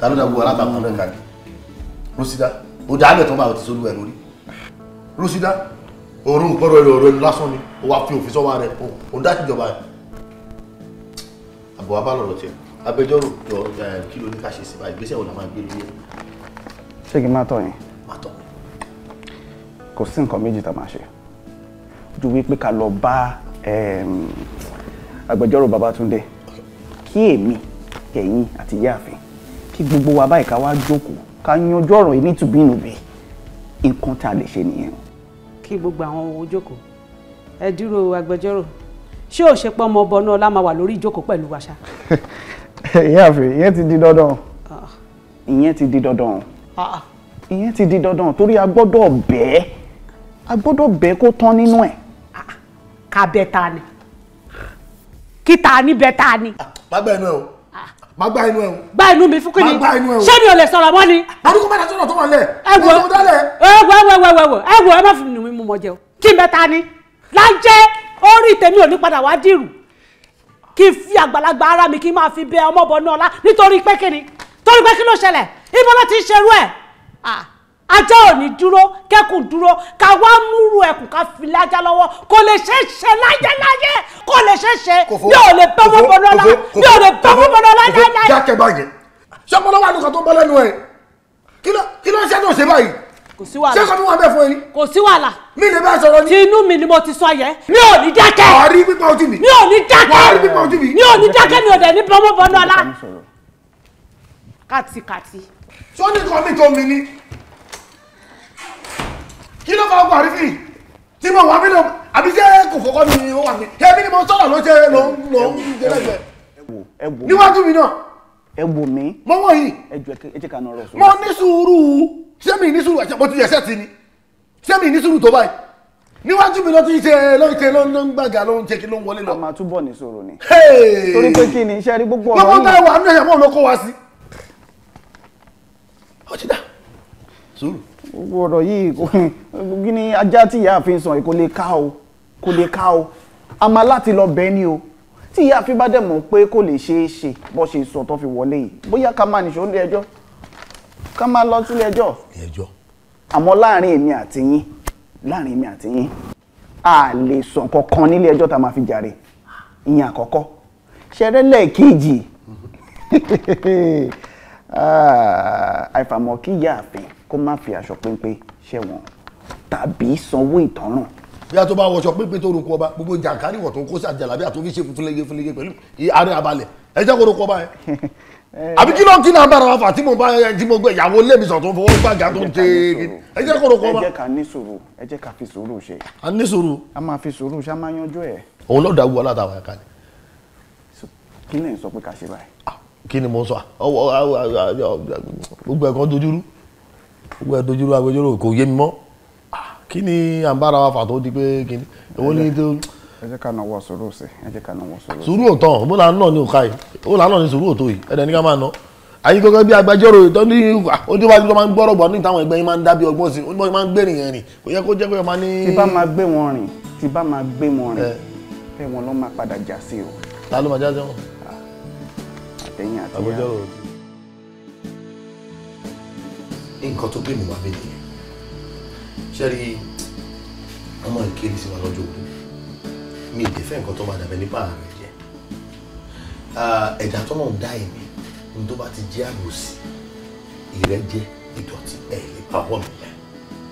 tàbí dàgbò alábàákan rẹ̀ kàní rosida ó dá àgbẹ̀ tó bá ti solú ẹ̀ lórí rosida òórùn gbọ́dọ̀ ẹ̀rọ ọ̀rọ̀ ẹni lásán ni o wá fi òfin sọ́wọ́ rẹ̀ ó ń dá ìjọba ẹ̀ àbọ̀ bá lọ̀rọ̀ tiẹ̀ agbẹjọ́rò jọ kí ló ní ká ṣe sí báyìí ìgbésẹ̀ wo la máa gbé lórí ẹ̀. ṣé kí n má tọ̀ yín. má tọ̀. kò sí nǹkan méjì tá a máa ṣe ju wípé ká lọ bá agbẹjọ́rò Babátúndé kí èmi ẹ̀yin àti ìyáàfin kí gbogbo wa báyìí ká wá jókòó ká yanjú ọ̀rọ̀ yìí nítùbínúbí nǹkan tá a lè ṣe nìyẹn. kí gbogbo àwọn owó jókòó ẹ dúró agbẹjọ́rò ṣé ò ṣe pé ọmọ ọbọ náà lá wà lórí ìjókòó pẹ̀lú wa ṣá. [laughs] [laughs] ìyá àfẹ ìyẹn ti di dandan ah. ìyẹn ti di dandan ah, ah. ìyẹn ti di dandan torí a gbọ́dọ̀ bẹ́ẹ̀ a gbọ́dọ̀ bẹ́ẹ̀ kó tán nínú ẹ̀. ká bẹ ta ni kí ta ni bẹ ta ni. má gbà inú ẹ o má gbà inú ẹ o. gbà inú mi fún kíni ṣé mi ò lè sọ̀rọ̀ mọ́ ni. àdúgbò mẹ́ta sọ̀rọ̀ tó wà lẹ̀. ẹ wo ẹ wo ẹ wo ẹ wo ẹ wo ẹ má fi nù mí mú mọ jẹ o kí n bẹ ta ni lájẹ orí tèmi ò ní padà wá dìrù kí n fi àgbàlagbà ara mi kí n máa fi bẹ ọmọbọ náà ọlá nítorí pé kí ni torí pé kí ló ṣẹlẹ̀ ibo ló ti ń ṣerú ẹ̀ ajá ò ní dúró kẹ́kùn dúró ká wá múrú ẹkùn ká fi lájá lọ́wọ́ kò lè ṣe é ṣe láyé láyé kò lè ṣe é ṣe mi ò lè bẹ́ wọ́n bọ́nà ọlá mi ò lè bẹ́ wọ́n bọ́nà ọlá láyé. jákè báyìí ṣọpọlọ kí ló ń ṣe tó ṣe báyìí kò sí wàhálà. ṣé kò tún wà bẹ́ẹ̀ fún yín. kò sí wàhálà. mi lè bá sọ̀rọ̀ ni. tinú mi ni mo ti sọ yẹ. mi ò ní dákẹ́. wàá rí pípa ojú mi. mi ò ní dákẹ́. wàá rí pípa ojú mi. mi ò ní dákẹ́ mi ò dẹ̀ ní bọ́mọ́bọ́nú ọlá. kàtìkàtì. sọ́ni kan mi tó mi ni. kí ló fọwọ́ gbàrí fì tí mo wà mí lọ àbí jẹ́ kò fọkọ́ mi ó wà mí. ẹbí ni mo sọ̀rọ̀ ló jẹ́ ló ń jẹ́ lẹ́gbẹ̀ẹ́. níwájú mi náà. ẹ wò mí. mọ́wọ́ yìí. ẹ jẹ́ ká nọ̀rọ̀ sọ. mo ní sùúrù ṣé mi ní sùúrù àti àpótí ẹsẹ̀ ti ni ṣé mi ní sùúrù tó báyìí níwájú mi ló ti ṣe ló ń ṣe ló ń gbàgà ló ń ṣe kí ló ń wọlé lọ. a máa túbọ̀ ní sọ̀rọ̀ ni. torí pé kí ni iṣẹ́ rí gbogbo ọ̀rọ̀ yìí. gbogbo táwọn àánú ẹ̀yàmọ́ ló kó wa sí. ó ti dá sùúrù. gbogbo ọ̀rọ̀ yìí kí ni ajá tí ìyá àfin sàn kò lè ká o kò lè ká o a máa láti lọ bẹ́ẹ̀ ni o tí ìyá àfin bá dẹ̀ mọ̀ pé kò lè ṣeé ṣe bó ṣe sọ tó fi wọlé yìí bóyá ká má nìṣó ní ẹjọ́ ká máa lọ sílé ẹjọ́ àmọ́ láàrin èmi àti yín láàrin èmi àti yín a lè sọ kankan nílé ẹjọ́ tá a máa fi jàre ìyẹn àkọ́kọ́ ṣẹrẹ́ lẹ́ẹ̀kejì [laughs] ah, àìfàmọ́ kí yáàfin kó má fi aṣọ péńpé ṣẹ̀wọ̀n tàbí sanwó ìtanràn. bí a tó bá wọṣọ pínpín tó rúkọ ọba gbogbo jàǹkárìwọ̀ tó ń kó sí àjàlábí àtúnfi ṣe fúnlẹ́gẹ́ fúnlẹ́gẹ́ pẹ̀lú àárín abalẹ̀ ẹ jẹ́ kó rúkọ ọba yẹn. [laughs] àbí kí ló kí náà bára wa fà tí mo bá tí mo gbé ìyàwó lèmi sọ tó ń fọwọ́ gbàgà tó ń ṣe ẹ jẹ́ kóró kọ́ wa. ẹ jẹ́ ká ní sùúrù ẹ jẹ́ ká fi sùúrù ṣe. a ní sùúrù. a máa fi sùúrù ṣe a máa yanjú ẹ. òun lọ́ọ́ dàgbù aláàtàwọn ẹ̀ka ni. kí lè sọ pé ká ṣe báyìí. Ah, kí ni mo sọ ah, ah, gbogbo ẹ̀kọ́ dojúrú gbogbo ẹ̀ dojúrú agbẹjọ́rò kò yé mi mọ́ kí ni à ń bára wa fà tó di pé kí ni ẹ jẹ́ ká náwó sùúrù sí ẹ jẹ́ ká náwó sùúrù sí. sùúrù òtàn bó la ń nà ní òkà yìí bó la ń nà ní sùúrù òtò yìí ẹ̀dẹ̀ ní ká máa nà àyín gẹ́gẹ́ bí agbẹjọ́rò tó ní ojúbájú tó máa ń gbọ́rọ̀ bọ̀ ní ìtàwọn ẹgbẹ́ yín máa ń dábí ọgbọ́n sí ojúbájú máa ń gbé nìyẹn rìn kò yẹ kó jẹ́ pé máa ní. tí bá máa gbé wọn rìn tí bá máa gbé wọn rìn fẹ́ wọn lọ́ máa padà jà sí o. ta ló máa já sí wọn. àtẹ̀yìn àti agbẹjọ́rò. nǹkan tó gbé mi wá bẹ́ẹ̀ nìyẹn ṣẹ́ẹ́rì ọmọ ìkéde sí wa lọ́jọ́ òru mi ì dẹ́fẹ́ nǹkan tó máa dàbẹ̀ nípa ààrẹ jẹ́ ẹ̀dá tọ́lọ̀ ń dá èmi ní tó bá ti jẹ́ àbòsí ìrẹ́jẹ ìdọ̀tí ẹ̀ lè pawọ́ mi yẹn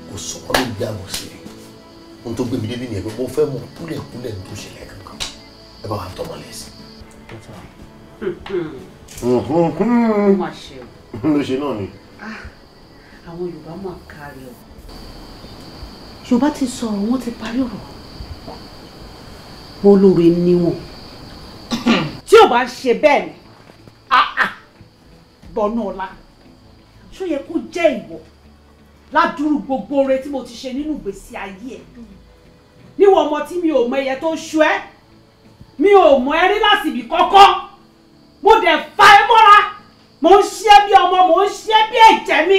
kò sọ́kọ́ ló jẹ́ àbòsí ohun tó gbé mi débi nìyẹn pé mo fẹ́ mọ kúlẹ̀kúlẹ̀ tó ṣẹlẹ̀ kankan ẹ bá wa tọmọ lẹ́sìn. ló ṣe náà ni. Ah, àwọn Yorùbá máa kárí ọ Yorùbá ti sọ̀rọ̀ wọ́n ti parí ọ̀rọ̀ bó lóore níwọ̀n tí ò bá ń ṣe bẹ́ẹ̀ ni bọ́nú ọ̀la ṣó yẹ kó jẹ́ ìwọ ládùúrú gbogbo oore tí mo ti ṣe nínú ìgbésí ayé ẹ̀ níwọ̀n ọmọ tí mi ò mọ ẹyẹ tó ṣú ẹ́ mi ò mọ ẹ rí lásìbí kọ́kọ́ mo dẹ̀ fa ẹ mọ́ra mo ń ṣe bí ọmọ mo ń ṣe bí ẹ̀jẹ̀ mi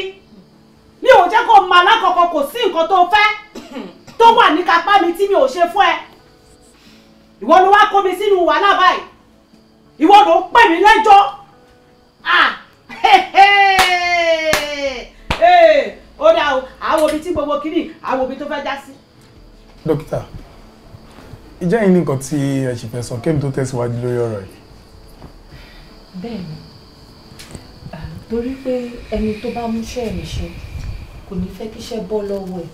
mi ò jẹ́ kó máa lákọ̀ọ́kọ́ kò sí nǹkan tó fẹ́ tó wà ní kápá mi tí mi ò ṣe fún ẹ ìwọ ló wá kó mi sínú wàhálà báyìí ìwọ ló ń pè mí lẹ́jọ́ ó dà o àwọn omi tí gbogbo kiri àwọn omi tó fẹ́ já sí. dókítà ìjẹ́ yìí nìkan tí ẹ sì fẹ́ sọ kémi tó tẹ̀síwájú lórí ọ̀rọ̀ yìí. bẹ́ẹ̀ni torí pé ẹni tó bá múṣẹ́ mi ṣe kò ní fẹ́ kíṣẹ́ bọ́ lọ́wọ́ ẹ̀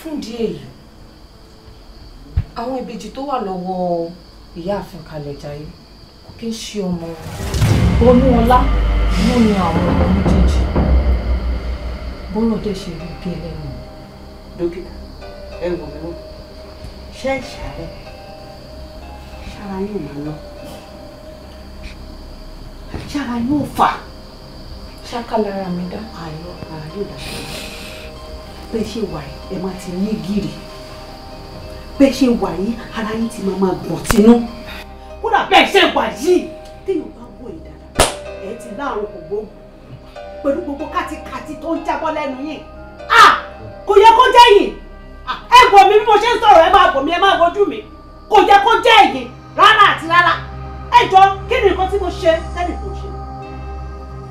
fúndìí èyí àwọn ìbejì tó wà lọ́wọ́ ìyáàfin kalẹ̀ jayé kò kí ń ṣe ọmọ olúọlá ló ní àwọn ọmọ méjèèjì bọ́lá dé ṣe rí bí ẹlẹ́nu. dókítà ẹ wò mí wọ́n ṣé ìṣàlẹ̀ ṣára yóò máa lọ ṣára yóò fà ṣáká lára mi dá. àyọ̀ àyọ̀ dàgbà pé ṣé wàá ẹ máa ti ní gírì bẹ́ẹ̀ ṣe wà yìí ara yín ti máa máa gbọ̀n tinú kódà bẹ́ẹ̀ ṣe wà yìí téèyàn bá wò yìí dáadáa ẹ̀ ti láàrùn kò gbóògùn pẹ̀lú gbogbo kátikáti tó ń jábọ́ lẹ́nu yìí kò yẹ kó jẹ́ yìí ẹ gbọ́ mi bí mo ṣe ń sọ̀rọ̀ ẹ máa gbọ́ mi ẹ máa gbójú mi kò yẹ kó jẹ́ yìí rárá àti rárá ẹ jọ kí ni nǹkan tí mo ṣe tẹ́lẹ̀ tó ṣe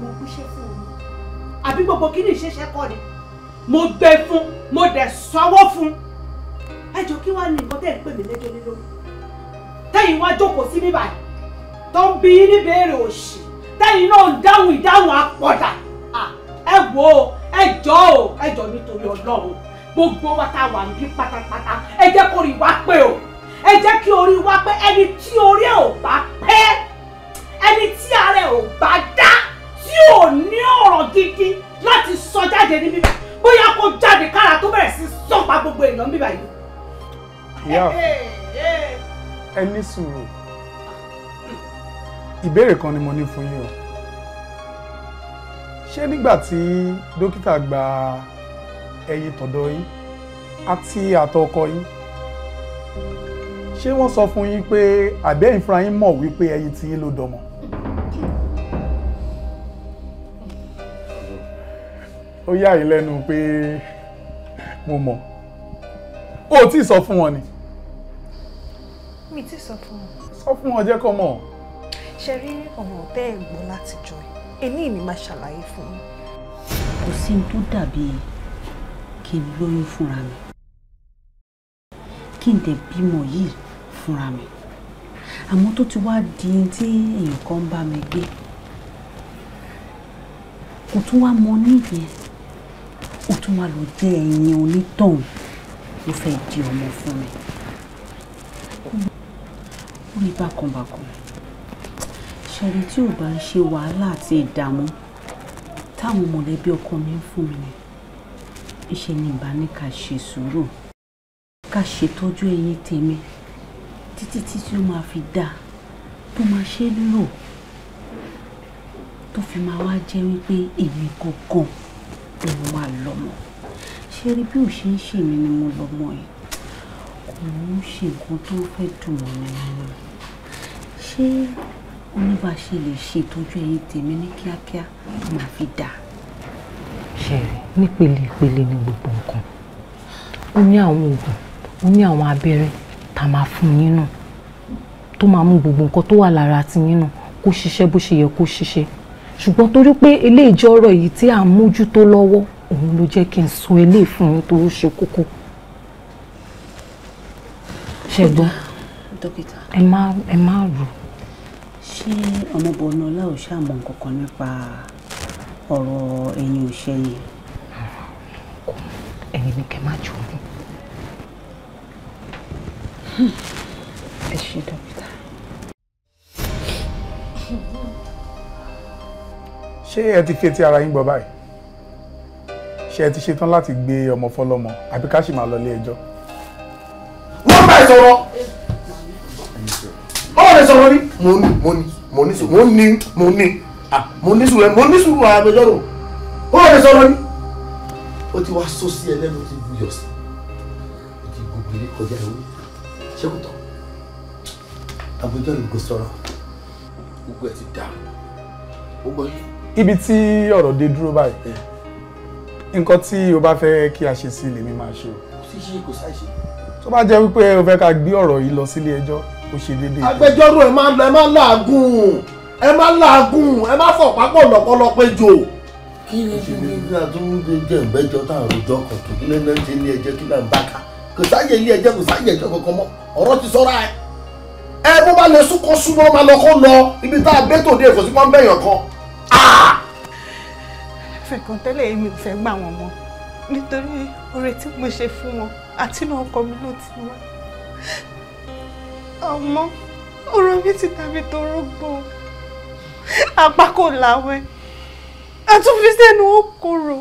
mo gbéṣẹ́ fún un àbí gbogbo kí ni ìṣeṣẹ́ kọ́ ni mo gbé fún mo dẹ̀ sanwó fún ẹ jọ kí wá ní nǹkan tẹ́ ẹ̀ ń pè mí lẹ́jọ́ nínú tẹ́yìn wá jókòó sí mi báyìí tó ń bi yín níbèrè òṣì tẹ́yìn náà ń dáhùn ìdáhùn àpọ̀dà ẹ wò ó ẹ jọ ó ẹ jọ nítorí ọlọ́run gbogbo wa tá a wà níbí pátápátá ẹ jẹ́ kó rí wá pé o ẹ jẹ́ kí orí wá pé ẹni tí orí ẹ̀ ò bá pé ẹni tí ara ẹ̀ ò bá dá tí ò ní ọ̀rọ̀ gidi láti sọ jáde ní bíbá bóyá kó jáde kára tó bẹ̀rẹ̀ sí sọ́pa gbogbo èèyàn bíbá yìí ìyáàfin ẹ ní sùúrù ìbéèrè kan ni mo ní fún yín o ṣé nígbà tí dókítà gba ẹyin tọ̀dọ̀ yín àti àtọ̀ ọkọ yín ṣé wọ́n sọ fún yín pé àbẹ́yìn fúnra yín mọ̀ wípé ẹyin tí yín ló dọmọ. ó yà yín lẹ́nu pé mo mọ̀ o ò sọ fún wọn ni. mi ti sọ fún wọn. sọ fún wọn jẹ́ kó mọ̀. ṣe rí ọ̀rọ̀ tẹ́ gbọ́ látijọ́ ẹ̀ ni màá ṣàlàyé fún yín. kò sí ní tó dàbí kí n lóyún fúnra mi kí n tẹ̀ bímọ yìí fúnra mi àmọ́ tó ti wá di tí èèyàn kan bá mi gbé kò tún wá mọ nídìí ó tún wá lọ jẹ́ ẹ̀yìn onítọ̀hún ló fẹ́ di ọmọ fún mi ó rí bákanbákan ṣẹ̀rí tí ò bá ń ṣe wàhálà àti ìdààmú táwọn mọ̀lẹ́bí ọkọ mi ń fún mi ni ìṣe ni ìbá ní ká ṣe sùúrù ká ṣètọ́jú ẹyin tèmi títí tí tí ó máa fi dáa tó máa ṣe lò tó fi máa wá jẹ́ wípé èmi gangan òun máa lọ́mọ ṣé rí bí ò ṣe ń ṣe mí ni mo lọ mọ ẹ kò ń ṣe nǹkan tó fẹ́ dùn mọ́ mi nínú ṣé ó ní bá ṣe lè ṣe ìtọ́jú ẹyin tèmi ní kíákíá tó máa fi dà. ṣẹ̀rí nípele ìpele ni gbogbo nǹkan ó ní àwọn oògùn ó ní àwọn abẹ́rẹ́ tá a máa fún yín nù tó máa mú gbogbo nǹkan tó wà lára ti yín nù kó ṣiṣẹ́ bó ṣe yẹ kó ṣiṣẹ́ ṣùgbọ́n torí pé eléyìí jẹ́ ọ̀rọ̀ yìí tí à ń mójútó lọ́wọ́ òun ló jẹ́ kí n sọ eléyìí fún yín tó ṣe kókó ṣẹgbọn dókítà ẹ má ẹ má rò. ṣé ọmọbìnrin ọlá ò ṣàmọ̀ kankan nípa ọ̀rọ̀ ẹ̀yìn òṣèyìn. ẹ̀yin ni kẹ́ má jù ú. ẹ ṣe dókítà. ṣé ẹ ti ké tí ara yín gbọ́ báyìí ṣé ẹ ti ṣetán láti gbé ọmọ fọlọ́mọ àbí ká sì máa lọ ilé ẹjọ́. wọ́n bá ìsọ̀rọ̀ ọ̀rọ̀ rẹ̀ sọ̀rọ̀ ni. mo ní mo ní mo ní mo ní mo ní mo ní sùúrù mo ní sùúrù àbẹjọ́rò ọ̀rọ̀ rẹ̀ sọ̀rọ̀ ni. ó ti wá sọ sí ẹlẹ́nu ti bu yọ̀ sí ó ti gbogbo ilé kọjá ìwé ṣé kò tán àbẹjọ́rò kò sọ̀rọ̀ gbogbo ẹ̀ ti dà ó gbọ́ yìí. ibi tí ọ̀rọ̀ dé dúró báyìí eh nǹkan tí o bá fẹ́ kí a ṣe sí lèmi máa ṣe o. kò sí ṣe kò sáì ṣe. tó bá jẹ́ wípé o fẹ́ ká gbé ọ̀rọ̀ yìí lọ sílé ẹjọ́ ó ṣe déédéé. agbẹjọ́rò ẹ máa ẹ máa làágùn ẹ máa làágùn ẹ máa fọ̀ pápọ̀ lọ́pọ̀lọpọ̀ ejò. kí ni kí ni kí ni àtúndé jẹ́ ìgbẹ́jọ́ tá à ń rojọ́ kan tó kílẹ̀ náà ṣe ilé ẹjọ́ kí náà ń bá ká kò sáyè ilé ẹjọ́ kò sáyè ẹjọ́ kankan mọ́ ọ̀rọ̀ ti sọ́ra ẹ. ẹ bó bá lè súnkọ́ súnmọ́ máa lọ lọ ibi tá a bẹ́tò dé ìfọ̀síkọ́ ń bẹ̀yàn kan fẹ̀kan tẹ́lẹ̀ èmi ò fẹ́ gbà wọ́n mọ́ nítorí oore tí mo ṣe fún wọn àti inú ọkọ mi ló ti wá ọmọ ọ̀rọ̀ mi ti dàbí torógbó apá kò láwẹ́ àtúnfi sẹ́nu ó kúrò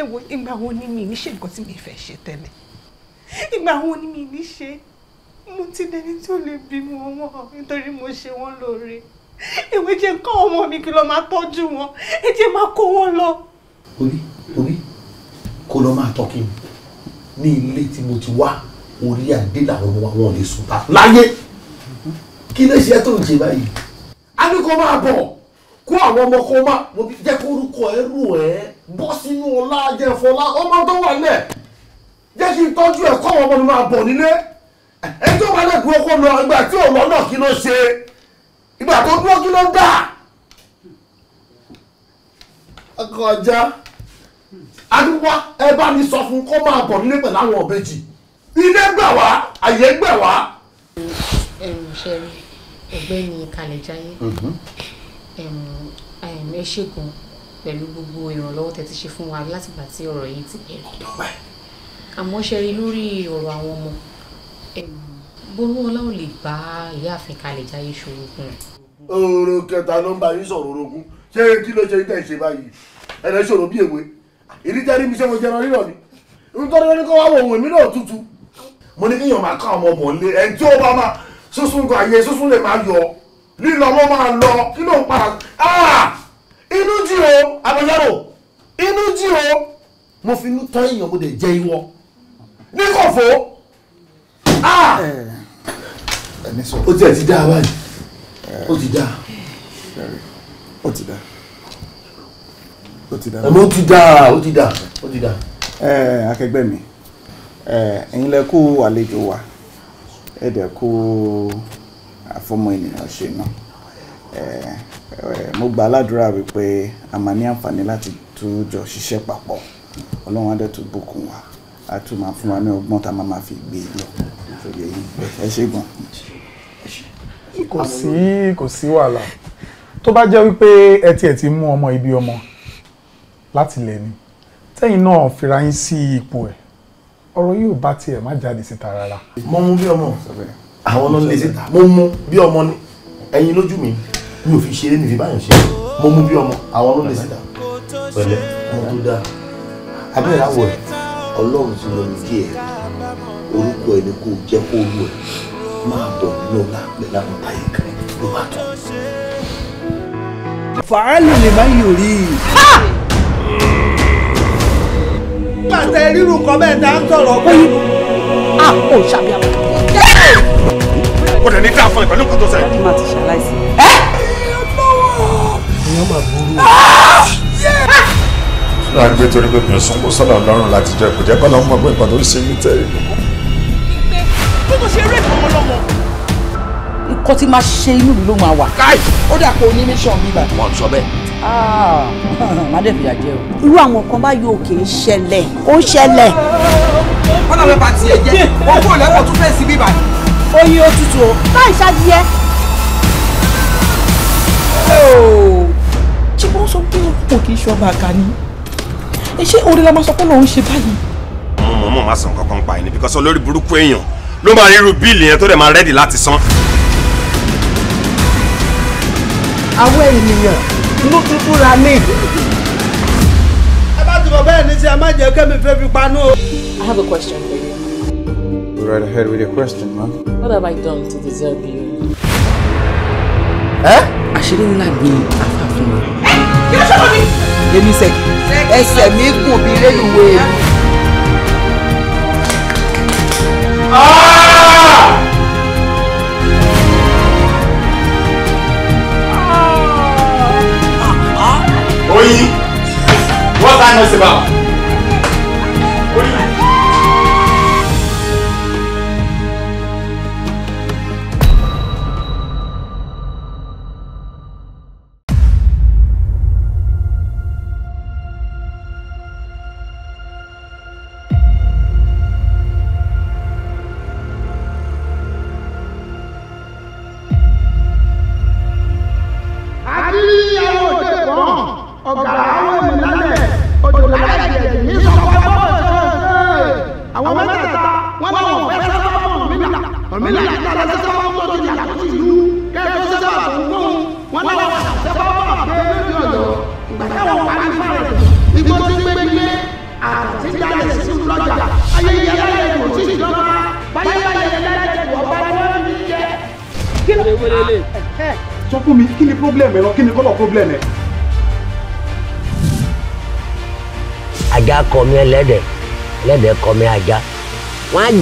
èwo ìgbà wo ni mi ní ṣe nǹkan tí mi fẹ́ ṣe tẹ́lẹ̀ ìgbà wo ni mi ní ṣe mo ti dẹni tó lè bímọ wọn nítorí mo ṣe wọn lóore èwe jẹ́ ń kọ́ ọmọ mi kí lọ máa tọ́jú wọn ẹ jẹ́ máa kó wọn lọ. orí orí kó lọ máa tọ́kí mi ní ilé tí mo ti wá orí adé làwọn ọmọ wọn lè sùn láyé kí lè ṣe tó ń jẹ báyìí. a ní kó máa bọ̀ kó àwọn ọmọ kan máa mo fi jẹ́ kó orúkọ ẹ rò ẹ́ bọ́ sínú ọlá jẹ́fọlá ọmọ tó wà lẹ̀ jẹ́ kí n tọ́jú ẹ̀ kọ́ àwọn ọmọ mi máa bọ̀ nílé ẹ̀ tó wà lẹ́kùn ọkọ̀ lọ ẹgbẹ́ àti ọ̀lọ́ náà kí ló ṣe é ìgbà tó dúró kí ló gbà ọkọ̀ ọjà adúgbò ẹ bá mi sọ fún kó máa bọ̀ nílé pẹ̀lú àwọn ọ̀bẹ́jì ilé gbà wá àyè gbà wá. ṣe rí ọ̀gbẹ́ni Kalẹ̀jáyé mhm. ẹ ṣègùn pẹ̀lú gbogbo ìrànlọ́wọ́ tẹ́ ti ṣe fún wa látìgbà tí ọ̀rọ̀ yìí ti bẹ̀rẹ̀ àmọ́ ṣe rí lórí ọ̀rọ̀ àwọn ọmọ Gbowóọlá ò lè bá ìyáàfin kalẹ̀ jáyé ṣorogún rẹ̀. oorun kẹta ló ń bá yín sọ̀rọ̀ orogún ṣé kí ló ṣe tẹ̀ ṣe báyìí ẹ̀rẹ́ ṣòro bí èwe ìdíjẹ́ rí mi ṣé mo jẹran rírọ̀ ni nítorí wọn ní kó wá wo òun èmi náà tutù mo ní kíyàn máa ká ọmọ ọmọ lé ẹni tí ó bá máa sísun kan àyè sísun lè máa yọ lílọ ọmọ máa lọ kí ló ń pa ah! inú jí o abẹ́yẹ́rò inú jí o mo fi inú tán èèyàn mo dẹ̀ jẹ ìwọ ní kò fò. Ah! Eh ní sọ. ó tiẹ̀ ti dáa báyìí ó ti dáa. ó ti dáa ó ti dáa. àmọ́ ó ti dáa ó ti dáa ó ti dáa. akẹgbẹ́ mi ẹ̀yin lẹ kú àlejò wa ẹ dẹ̀ kú àfọmọ ènìyàn ṣe náà mo gba aládùúrà wípé a máa ní àǹfààní láti tún jọ ṣiṣẹ́ papọ̀ ọlọ́run á dẹ̀ bùkún wa a tún máa fún wa ní ọgbọ́n tá a máa fi gbé e lọ ẹ ṣe gan kò sí kò sí wàhálà tó bá jẹ́ wípé ẹ tiẹ̀ ti mú ọmọ ibi ọmọ láti lẹ̀ ni tẹ́yìn náà fira yín sí ipò ẹ̀ ọ̀rọ̀ yóò bá tiẹ̀ má jáde síta rárá. mo mú bí ọmọ àwọn náà lè síta mo mú bí ọmọ ni ẹyin lójú mi mi ò fi ṣeré mi fi báyọ̀ ṣe mo mú bí ọmọ àwọn náà lè síta pẹ̀lẹ́ mo tó dáa abẹ́rẹ́ àwọ̀ ẹ̀ ọlọ́run ti lọ nìkí ẹ̀ orúkọ ẹ̀ ni kò jẹ́ kó lù ẹ̀ máa bọ̀ lọ́la pẹ̀lú àwọn táyé kan ló ríru kan bẹ́ẹ̀ ń sọ̀rọ̀ pé a kò ṣàbíyàwó. o dẹ̀ ní dáa fún ẹ pẹ̀lú nǹkan sẹ́yìn. láti ti ṣàlàyé. ẹ ẹ máa burú ah! láàrin torí pé mi ò sanwó sọ́dọ̀ ọlọ́run láti jẹ́ kò jẹ́ kọ́ lọ́mọ pé nǹkan tó ṣe mí tẹ́ ìlú bí tó ṣe rẹ́ ìfọmọ lọ́mọ. nǹkan tí máa ṣe inú mi ló máa wà. káì ó dà pé onímíṣàn bíbá. wọn sọ bẹ́ẹ̀. Ah, [laughs] má dẹ̀ fìyà jẹ o. irú àwọn kan bá yóò kì í ṣẹlẹ̀ ó ṣẹlẹ̀. wọn náà bá tiẹ̀ jẹ́ wọn kúrò tún fẹ́ sí bíbá. oyin òtútù o. káì ṣáàdìyẹ. ṣé wọ́n sọ pé kò kì í ṣọba àkàní? ṣé orí la máa sọ pé lòun ṣe báyìí? mo mọ̀ máa sàn kankan pa ẹni bíkọ́sọ́ lórí burúkú èèyàn ló máa ríru bíìlì yẹn tó dẹ̀ máa rẹ́dì láti san. àwọn ènìyàn ló tún fúnra ní. ẹ bá ti bọ̀ bẹ́ẹ̀ ní tí a kẹ́mi fẹ́ fi panú I have a question for you. Go right ahead with your question, ma. What have I done to deserve you? Ẹ́. Àṣírí ńlá ni àfààfin mi. Ẹ ṣe wọ́n mi. Èmi sẹ̀, ẹsẹ̀ mi kùn bí rélùwéè. Ah! man knows about.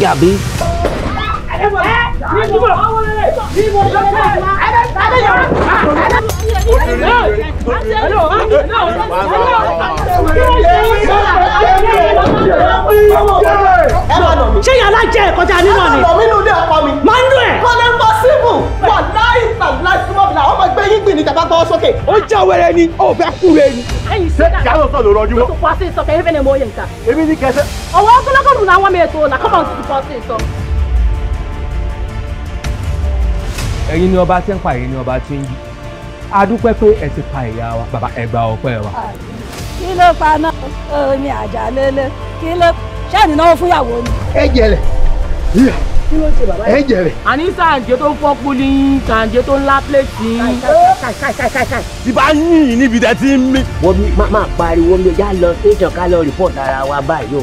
ọjà bí. ṣé yàrá jẹ ìkọjá nínú ọ̀nì. ọ̀nà mi nù ní ọ̀pọ̀ mi. máa ń dùn ẹ̀. kọ́lé ń bọ́ síbù. wà láì tàbí láì súnmọ́ bìlà ọmọ ẹgbẹ́ yín gbìn ní tàbá gbọ́ sókè. ó jẹ́ wẹrẹ ni ó fẹ́ kú rẹ ni. ẹyin sí ká. ṣé kí á lọ sọ lórí ọdún mọ́. lọ́sọ̀kọ̀ àti ìsọ̀kẹ́ ìfẹ́ ni mo yẹ nǹkan. èmi ní kẹsẹ́. ọwọ́ kúl school now, one minute old. Now come out to the party, so. Ẹ̀yin ni ọba tí ń pa ẹ̀yin ni ọba tí ń yí. A dúpẹ́ pé ẹ ti pa ìyá wa, bàbá ẹ gba ọpẹ́ wa. Ah, kí ló fa náà? Omi àjà lélẹ̀. Kí ló ṣé ìnáwó fúnyàwó ni? Ẹ jẹlẹ̀. Kí ló ṣe bàbá yìí? Ẹ jẹlẹ̀. Àní sàǹjẹ́ tó ń fọ́ púlì yín, sàǹjẹ́ tó ń lá pléètì yín. Ti bá yín níbi tẹ́ ti ń mí. Wọ́n máa pariwo mi, yá lọ ká lọ rìpọ́ọ̀tì ara wa báyìí o.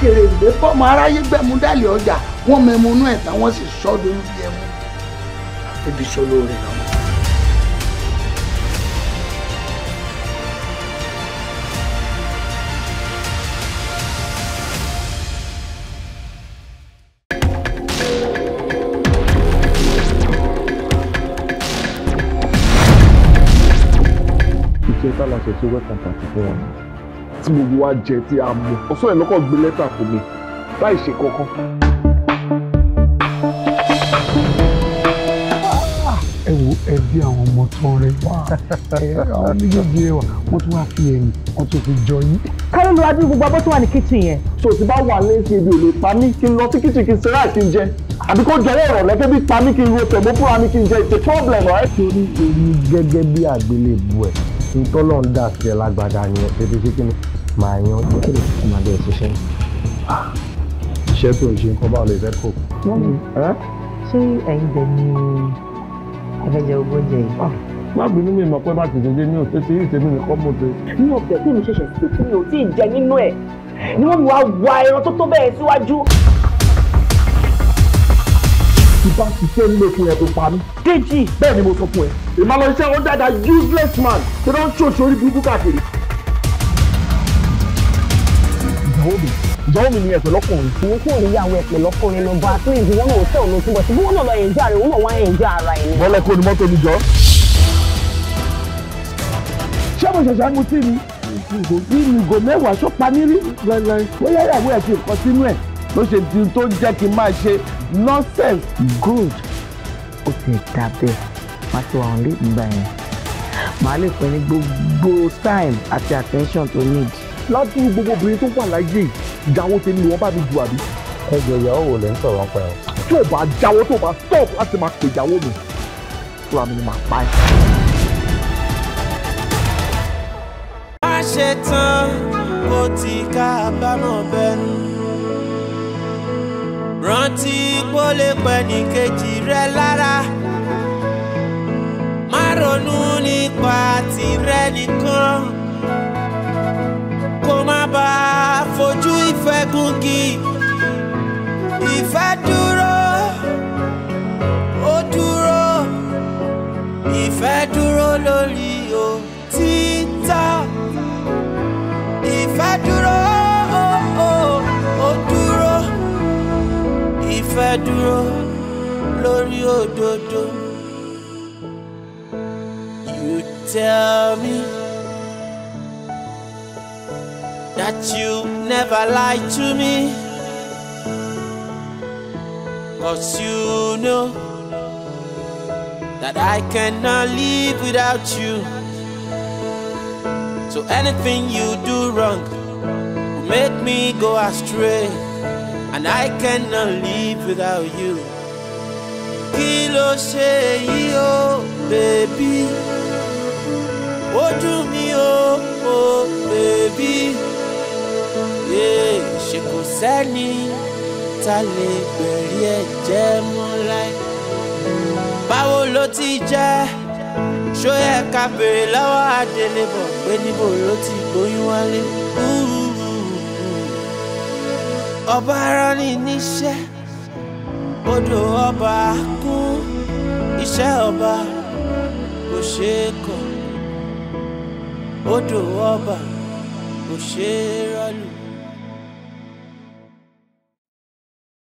akèrèǹgbè fọmọ aráyé gbẹmú dálé ọjà wọn mẹmu inú ẹ táwọn sì sọdún bí ẹmu ebi sọlọ rẹ lọmọ. ìṣe tá a lọ ṣe tí wọ́n pàtàkì fún wa tí gbogbo wa jẹ tí a mú ọ̀sán yẹn lọ́kọ̀ gbé lẹ́tà fún mi láì ṣe kankan. ẹ wo ẹ bí àwọn ọmọ tán rẹ àwọn méjèèjì rẹwà wọn tún wá fi ẹ̀yìn wọn tún fi jọ yín. kálí ló wá bí gbogbo abọ́ tó wà ní kitchen yẹn. so tí bá wà ní ṣe ibi ò lè pa mí kí n lọ sí kitchen kí n ṣe ráì kí n jẹ àbí kó jọ̀wọ́ ọ̀rọ̀ lẹ́fẹ́ bí pa mí kí n ro tẹ̀gbọ́n fúnra mi kí n jẹ it's a problem torí èmi gẹ́gẹ́ bí àgbélébùú ẹ̀ ntọ́lọ̀ ń dà sílẹ̀ lágbàdá ni ebi kíkí ni màá yan kí lè fi máa bẹ̀rẹ̀ ṣiṣẹ́ iṣẹ́ tó ń ṣe nǹkan báwo lè fẹ́ kó. wọ́n mi ṣé ẹ̀yin bẹ̀ ni ẹ̀fẹ̀jẹ̀ ogójì yìí. Ah, má bínú mi mọ̀ pé má tètè dé ní òtẹ́ tí ìṣèlú mi kọ́ mọ̀ pé. inú ọ̀bẹ tí mi ṣẹ̀ṣẹ̀ sí tí mi ò tí ì jẹ nínú ẹ̀ ni wọ́n mi wá wa ẹran tó tó bẹ́ẹ̀ síwájú tí bá ṣiṣẹ́ nílé fún ẹ tó pa mí. Dèjì. bẹ́ẹ̀ ni mo sọ fún ẹ èmi àlọ́ iṣẹ́ wọn dáadáa useless man tó dán ṣòṣò orí burúkú káàkiri. ìyàwó mi ìyàwó mi ni ẹ̀pẹ̀ lọ́kùnrin. ìwé kúrò níyàwó ẹ̀pẹ̀ lọ́kùnrin lọ bá tún ìdíwọ́n náà tẹ̀ ọ̀nà túbọ̀ sí wọ́n náà lọ ẹ̀jẹ̀ ààrẹ wọ́n náà wá ẹ̀jẹ̀ ara ẹ̀ ni. bọ́lẹ̀ kó ni mọ́tò mi jọ. ṣé mo ṣẹ̀ṣẹ̀ mu tí ni ìlùgò mẹ́wàá ṣó pa mí rí bóyá ìyàwó ẹ̀ fi nǹkan sínú ẹ̀ ló ṣe ti tó jẹ́ kí n máa ṣe nonsense good ó ti dà bẹ́ẹ̀ máa ti wà wọn lé ìgbà yẹn màá lè pín ní gbogbo time àti attention to need. ládùúgbò gbogbo obìnrin tó wà láyé ìyàwó tèmi ni wọ́n bá mi ju àbí. ẹ jọ ìyàwó wo lè ń sọ̀rọ̀ pẹ̀ o. tó o bá jáwọ́ tó bá stop láti máa pè ìyàwó mi fúra mi ni màá pa ẹ́. má ṣe tán kó ti kábàámọ̀ bẹ́ẹ̀ nù rántí kó lè pẹ́ ní kejì rẹ lára má ronú nípa tìrẹ nìkan kó má bàa fojú ìfẹ́ gúngi ìfẹ́ dúró ó dúró ìfẹ́ dúró lórí òtítọ́ ìfẹ́ dúró. fẹ́ dúró lórí òdodo. You tell me that you never lie to me. Cause you know that I cannot live without you. So anything you do wrong will make me go astray. and I cannot live without you. Kilo ló ṣe baby? Ojú mi o, o, baby. yeah. kò sẹ́ni tá lè bẹ̀rẹ̀ ẹ̀ jẹ́ mọ́ láì? Báwo ló ti jẹ́? Ṣó yẹ ká béèrè lọ́wọ́ àdélébọ̀ pé níbo ló ti gbóyún wálé? ọba rani níṣẹ́ odò ọba kún iṣẹ́ ọba kò ṣeé kọ̀ odò ọba kò ṣeé rọ́lù.